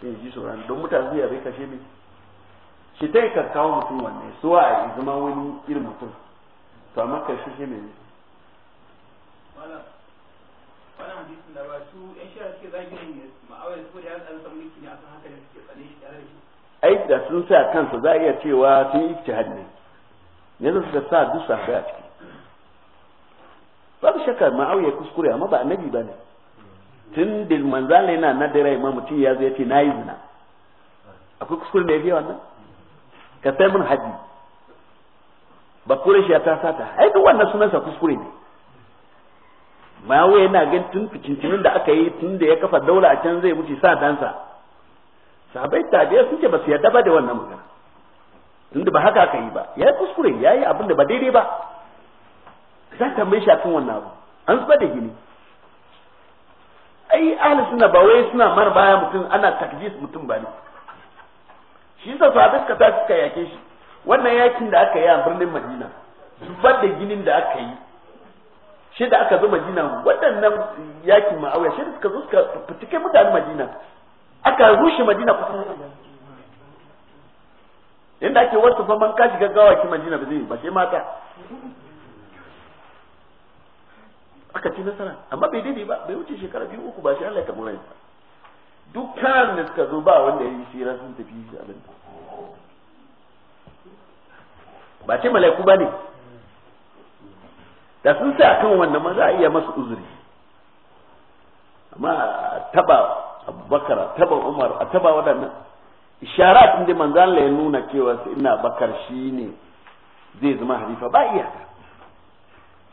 ne ji sauran don mutane zai bai kashe ne shi ta yi kakkawa mutum wanne Su a yi zama wani irin mutum to amma shi ne wannan hadisin da ba su yan shara suke zagin ma'awai su da ya tsara sa mulki ne akan haka da suke tsane shi tare da shi ai da sun sa kansa za a iya cewa sun yi ijtihad ne yanzu suka sa duk ga a ciki babu shakka ma'awiya kuskure amma ba annabi ba ne tun da manzala yana nadira imam mutum ya zai ce na yi zina akwai kuskure da ya fi wannan ka sai mun haji ba kure shi ya ta sata ai duk wannan sunansa kuskure ne ma'awu yana gan tun cincinin da aka yi tun da ya kafa daula a can zai wuce sa dansa sabai tabiya sun ce ba su yarda ba da wannan magana tunda ba haka aka yi ba ya yi kuskure ya yi abin da ba daidai ba za ta mai shafin wannan abu an zuba da gini ai ahli suna ba wai suna mara baya mutum ana takdis mutum ba ne shi yasa sahabai suka ta suka yake shi wannan yakin da aka yi a birnin madina zubar da ginin da aka yi shi da aka zo madina waɗannan yakin ma'awiya shi da suka zo suka fitike mutanen madina aka rushe madina kusa inda ake wasu fa man kashi gaggawa ki madina ba zai ba sai mata aka ci nasara amma bai daidai ba bai wuce shekara biyu uku ba shi Allah ya karɓi rai dukkan da suka zo ba wanda ya yi tsira sun tafi shi abin ba ce mala'iku ba ne da sun sai kan wannan ma za iya masu uzuri amma a taba abubakar a taba umar a taba waɗannan tun da manzan ya nuna cewa su ina bakar shi ne zai zama halifa ba iyaka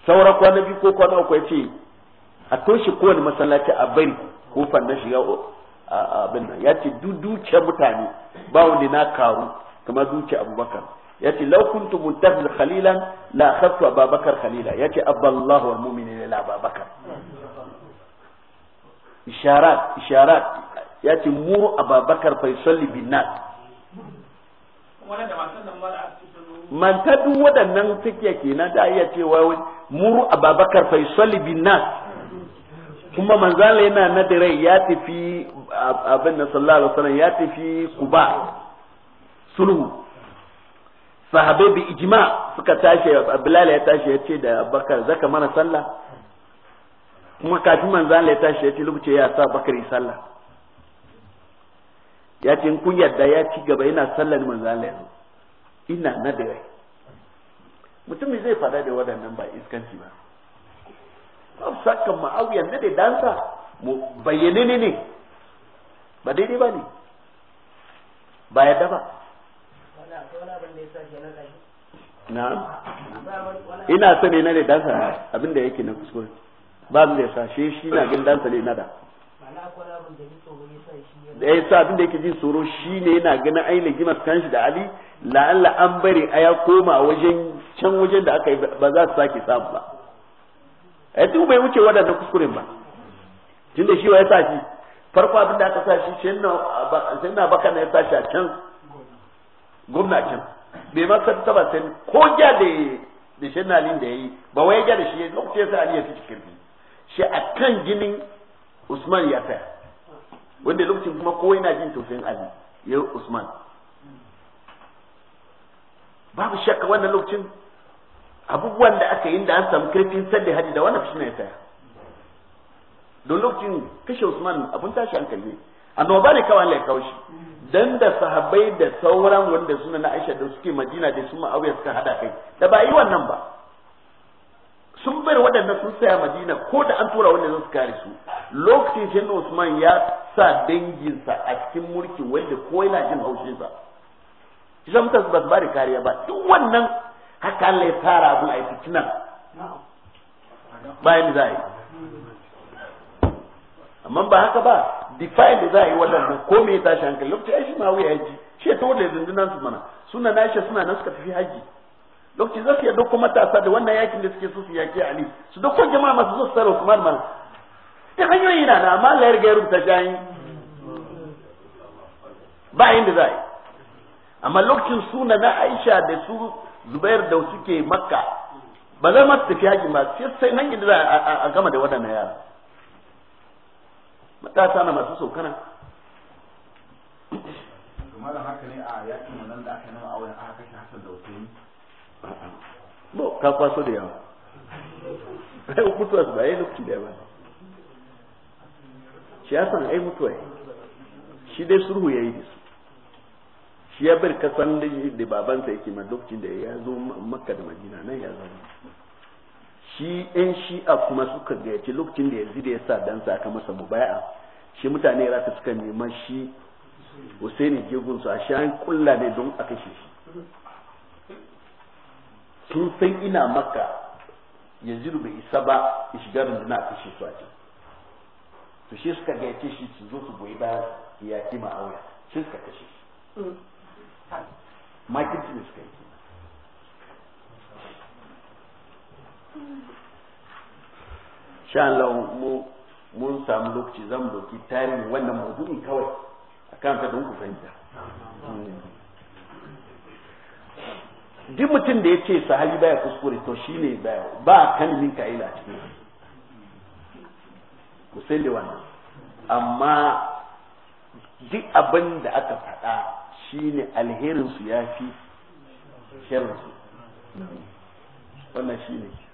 saura kwana biyu ko kwana uku ya ce a toshe kowane masallaci a bari kofar na shiga abin nan ya ce duk dukiyar mutane ba wani na karu kamar dukiyar abubakar yace law kuntu muttakhid khalilan la khattu babakar khalila yace aballahu wal mu'minina la babakar. isharat isharat yace muru ababakar fa yusalli bin nas manta duk waɗannan fikiya kenan da iya cewa muru ababakar fa yusalli bin nas kuma manzala yana na da rai ya tafi abin da sallallahu alaihi wasallam ya tafi kuba sulhu sahabai bi ijma suka tashi bilal ya tashi ya ce da bakar zaka mana sallah kuma kafin manzo Allah ya tashi ya ce lokaci ya sa bakar yi sallah ya ce kun yadda ya ci gaba yana sallar manzo Allah ina na da rai mutum zai fada da wadannan ba iskanci ba babu sakka ma'awiyan ne da dansa bayyane ne ne ba daidai ba ne ba yadda ba na ina sani na da dansa abin da yake na kuskure ba mu da yasa shi shi na gin dansa ne na da da ya sa abin da yake jin tsoro shi ne yana ganin ainihin gimas kanshi da ali la'alla an bari a ya koma wajen can wajen da aka yi ba za su sake samu ba a duk bai wuce waɗannan kuskuren ba tun da shi wa ya sa shi farko abin da aka sa shi shi na baka na ya sa shi a can gwamna can bai ma san taba sai ko ja da da shi nalin da yi ba wai ja da shi lokacin sai Ali ya fi kirki shi a kan ginin Usman ya tsaya wanda lokacin kuma ko yana jin tausayin Ali ya Usman babu shakka wannan lokacin abubuwan da aka yi da an samu karfin sadda hadi da wannan fitina ya tsaya don lokacin kashe Usman abun tashi hankali ne annoba ne kawai Allah ya kawo shi dan da sahabbai da sauran wanda suna na Aisha da suke Madina da su Muawiya suka hada kai da ba yi wannan ba sun bar waɗannan sun saya Madina ko da an tura wanda zai kare su lokacin shi Usman ya sa danginsa a cikin mulki wanda ko yana jin haushin sa shi ba su ba da kariya ba duk wannan haka Allah ya tara abin a yi nan bayan yi amma ba haka ba define da za a yi waɗannan ko me ya tashi hankali lokaci ai shi ma wuya yaji shi ya tawo da rundunan su mana suna na suna nan suka tafi haji lokaci za su ya dauko matasa da wannan yakin da suke so su yaki ali su dauko jama'a masu zo su tsara Usman mana ta hanyoyi na na amma Allah ya riga ya rubuta jayi ba inda za a yi amma lokacin suna na Aisha da su Zubair da suke Makka ba za ma su tafi haji ba sai nan inda za a gama da waɗannan yara matasa na masu saukana kamar haka ne a yakin wannan da aka a wajen aka kashe Hassan da yi ba ka kwaso da yawa ai mutuwa su ba yi lokaci da yawa shi shi dai ya yi shi ya kasan da babansa yake ma da ya zo da madina nan ya zama shi ɗan a kuma suka gayyaci lokacin da yanzu da ya sa dan sa aka masa mubaya shi mutane ya ta suka nema shi Hussaini jigun su a shi an kulla ne don a kashe shi sun san ina maka yanzu bai isa ba shigar na a kashe su a can to shi suka gayyace shi su zo su goyi bayan ya kima auya shi suka kashe shi mm. makirci ne suka yi sha Allah mun samu lokaci zan doki tarihin wannan mazuni kawai kan ta don ku fahimta duk mutum da ya ce sahabi baya kuskure to shi ne baya ba kalmin ka'ila a cikin ku sai da wannan amma duk abin da aka faɗa shi ne alherinsu ya fi shirinsu wannan shi ne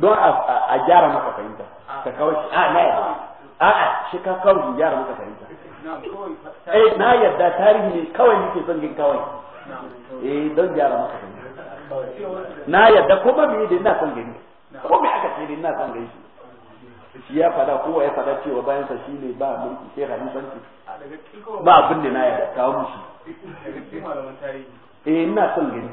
don a gyara maka fahimta ah. ka kawai shi a na yadda ah. a a shi ka kawai shi gyara maka fahimta eh na yadda tarihi ne kawai nake son gin kawai eh don gyara maka fahimta na yadda ko ba biye da ina son gani ko mai aka ce ina son gani shi ya fada kowa ya fada cewa bayan sa ne ba mulki sai ki. ba abin da na yadda kawo mushi eh ina son gani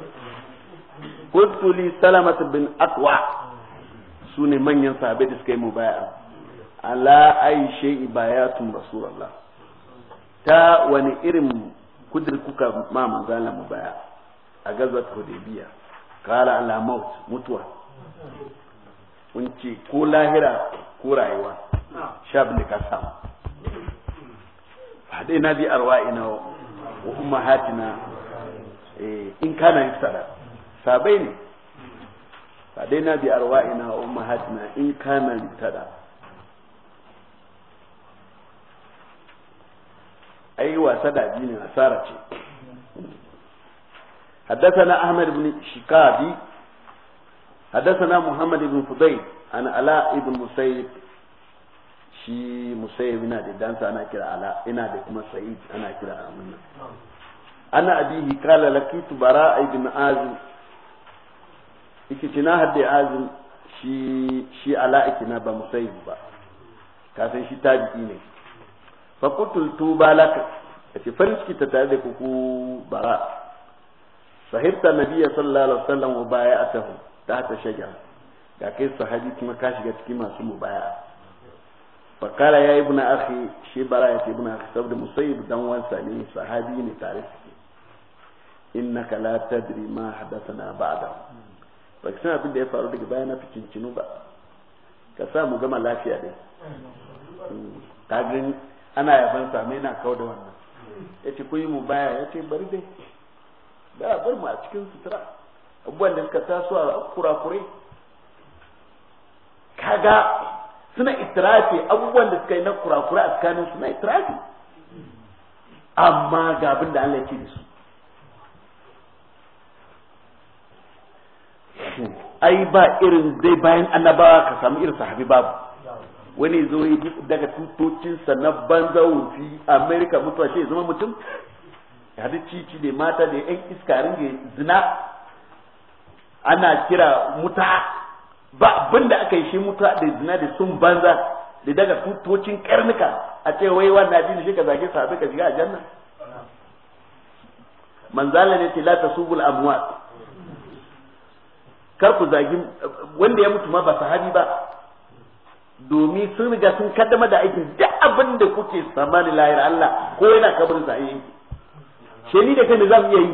qultu li salamat bin aqwa su ne manyan sahabbai da suka yi mubaya'a ala ay shay'i bayatun rasulullah ta wani irin kudir kuka ma manzala mu mubaya a gaza hudaybiya kala ala maut mutuwa kun ce ko lahira ko rayuwa shab ne ka samu hadai na bi arwa'ina wa ummahatina eh, in kana sadaka. sabai ne fadaina bi arwa'ina wa ummahatina in kana litada ai wasa da ne asara ce حدثنا أحمد بن شكابي حدثنا Muhammad بن فضيل ana علاء بن مسيب shi musayib yana da dansa ana kira ala ina da kuma sa'id ana kira amina ana abihi kala lakitu bara ibn azim yake ce na hadde azin shi shi ala'iki na ba musaibu ba ka san shi tabi'i ne fa qutul tuba laka yace farin ciki ta tare da ku bara sahibta nabiyya sallallahu alaihi wasallam wa bai'atahu ta ta shaja ga kai sahabi kuma ka shiga cikin masu mubaya'a fa kala ya ibn akhi shi bara ya ibn akhi saboda musayib dan wansa ne sahabi ne tare shi innaka la tadri ma hadathana ba'dahu ba ka san abin da ya faru daga baya na ficincinu ba ka sa mu gama lafiya dai ta gani ana yaban sa mai na kawo da wannan ya ce kuyi mu baya ya ce bari dai a bar mu a cikin sutura abubuwan da suka taso a kurakure kaga suna itirafi abubuwan da suka yi na kurakure a tsakanin suna itirafi amma ga abin da Allah ya ce da su ai ba irin dai bayan annabawa ka samu irin sahabi babu wani zo yi daga tutocinsa na banza wufi amerika mutuwa ce zama mutum hadu cici da mata da yan iska ringe zina ana kira muta ba abin da aka yi shi muta da zina da sun banza da daga tutocin karnuka a ce wai wannan addini shi ka zage sahabi ka shiga janna. manzala ne ce la tasubul amwat kar ku zagi wanda ya mutu ma ba sahabi ba domin sun riga sun kaddama da aikin duk abin da kuke tsammani lahir Allah ko yana kabarin sa yayi she ni da kai za mu yi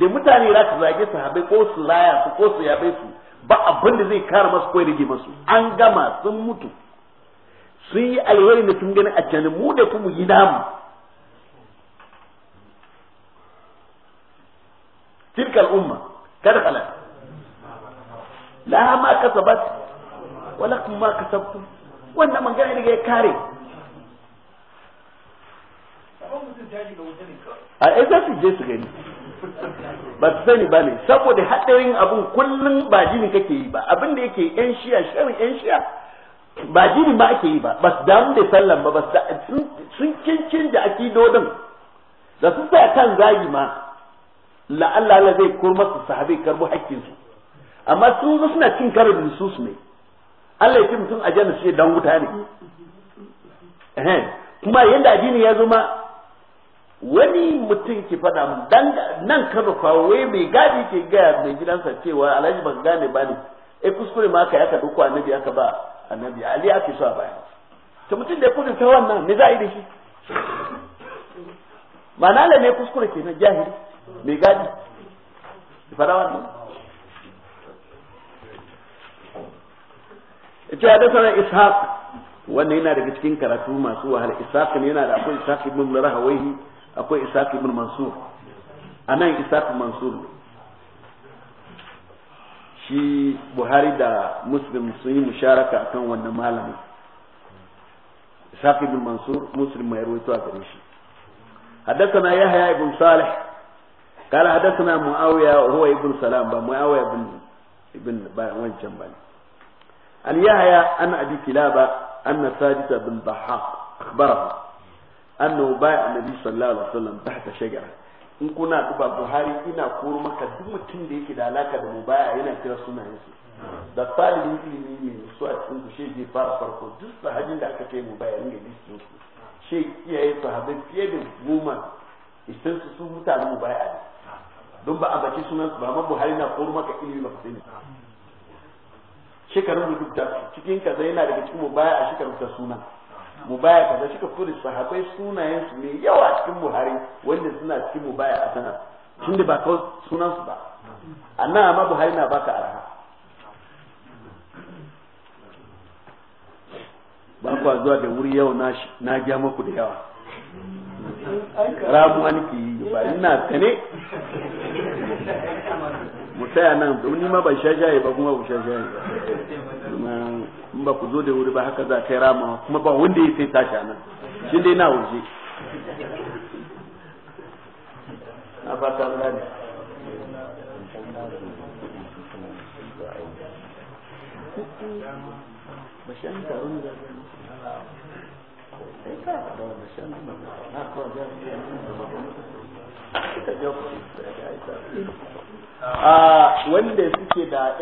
da mutane za su zage sahabai ko su laya su ko su yabe su ba abin da zai kare masu ko rige masu an gama sun mutu sun yi alwari da sun gani a can mu da kuma yi namu tilkal umma kada kalata la ma kasabat wala kuma ma kasabtum wannan magana ne ya kare a ita su je su gani ba su sani ba ne saboda haɗarin abun kullum ba jini kake yi ba abin da yake yan shiya shirin yan shiya ba jini ba ake yi ba ba su damu da sallan ba sun cincin da dodon da sun sa kan zagi ma la'alla zai kurma su sahabai karbo hakkinsu amma sun zo suna cin karo da su ne Allah ya ce mutum a janna shi dan wuta ne eh kuma yanda addini ya zo ma wani mutum ki faɗa dan nan kano kawo wai mai gadi ke ga mai gidansa cewa alhaji ba gane ba ne eh kuskure ma aka aka duku annabi aka ba annabi ali aka so a baya to mutum da ya kudin ta wannan me za a yi da shi ma'ana ne kuskure kenan jahili mai gadi ki faɗa wannan Ita da hadathana ishaq wannan yana daga cikin karatu masu wahala ishaq ne yana da akwai ishaq ibn rahawayhi akwai ishaq ibn mansur anan ishaq mansur shi buhari da muslim sun yi musharaka akan wannan malami ishaq ibn mansur muslim mai rawaito a gare shi حدثنا يحيى بن صالح قال حدثنا معاوية وهو ابن سلام معاوية بن ابن ne. an yahya an abi kilaba anna sadisa bin dhahhak akhbarahu annahu ba'a annabi sallallahu alaihi wasallam tahta shajara in kuna duba buhari ina koro maka duk mutum da yake da alaka da mubaya yana kira sunayen su da talibin ilimi ne su a cikin su shi fara farko duk sahabin da aka kai mubaya ne da su shi iyaye sahabai fiye da goma isan su su mutane mubaya ne don ba a baki sunan su ba ma buhari na koro maka ilimi ba ne shekarun rubuta cikin kaza yana daga cikin mubaya a shekaru ta suna mubaya kaza ka kuri sahabai sunayen su ne yawa cikin buhari wanda suna cikin mubaya a sana da ba kawai sunan su ba annan amma buhari na baka araha ba kwa zuwa da wuri yau na gya maku da yawa ramuwa nake yi ba ina sane mu tsaya nan domin ma ban sha shaye ba kuma ba sha shaye ba in ba ku zo da wuri ba haka za kai rama kuma ba wanda ya sai tashi nan shi dai na waje na fata gane bashan taron da Ah, wanda suke da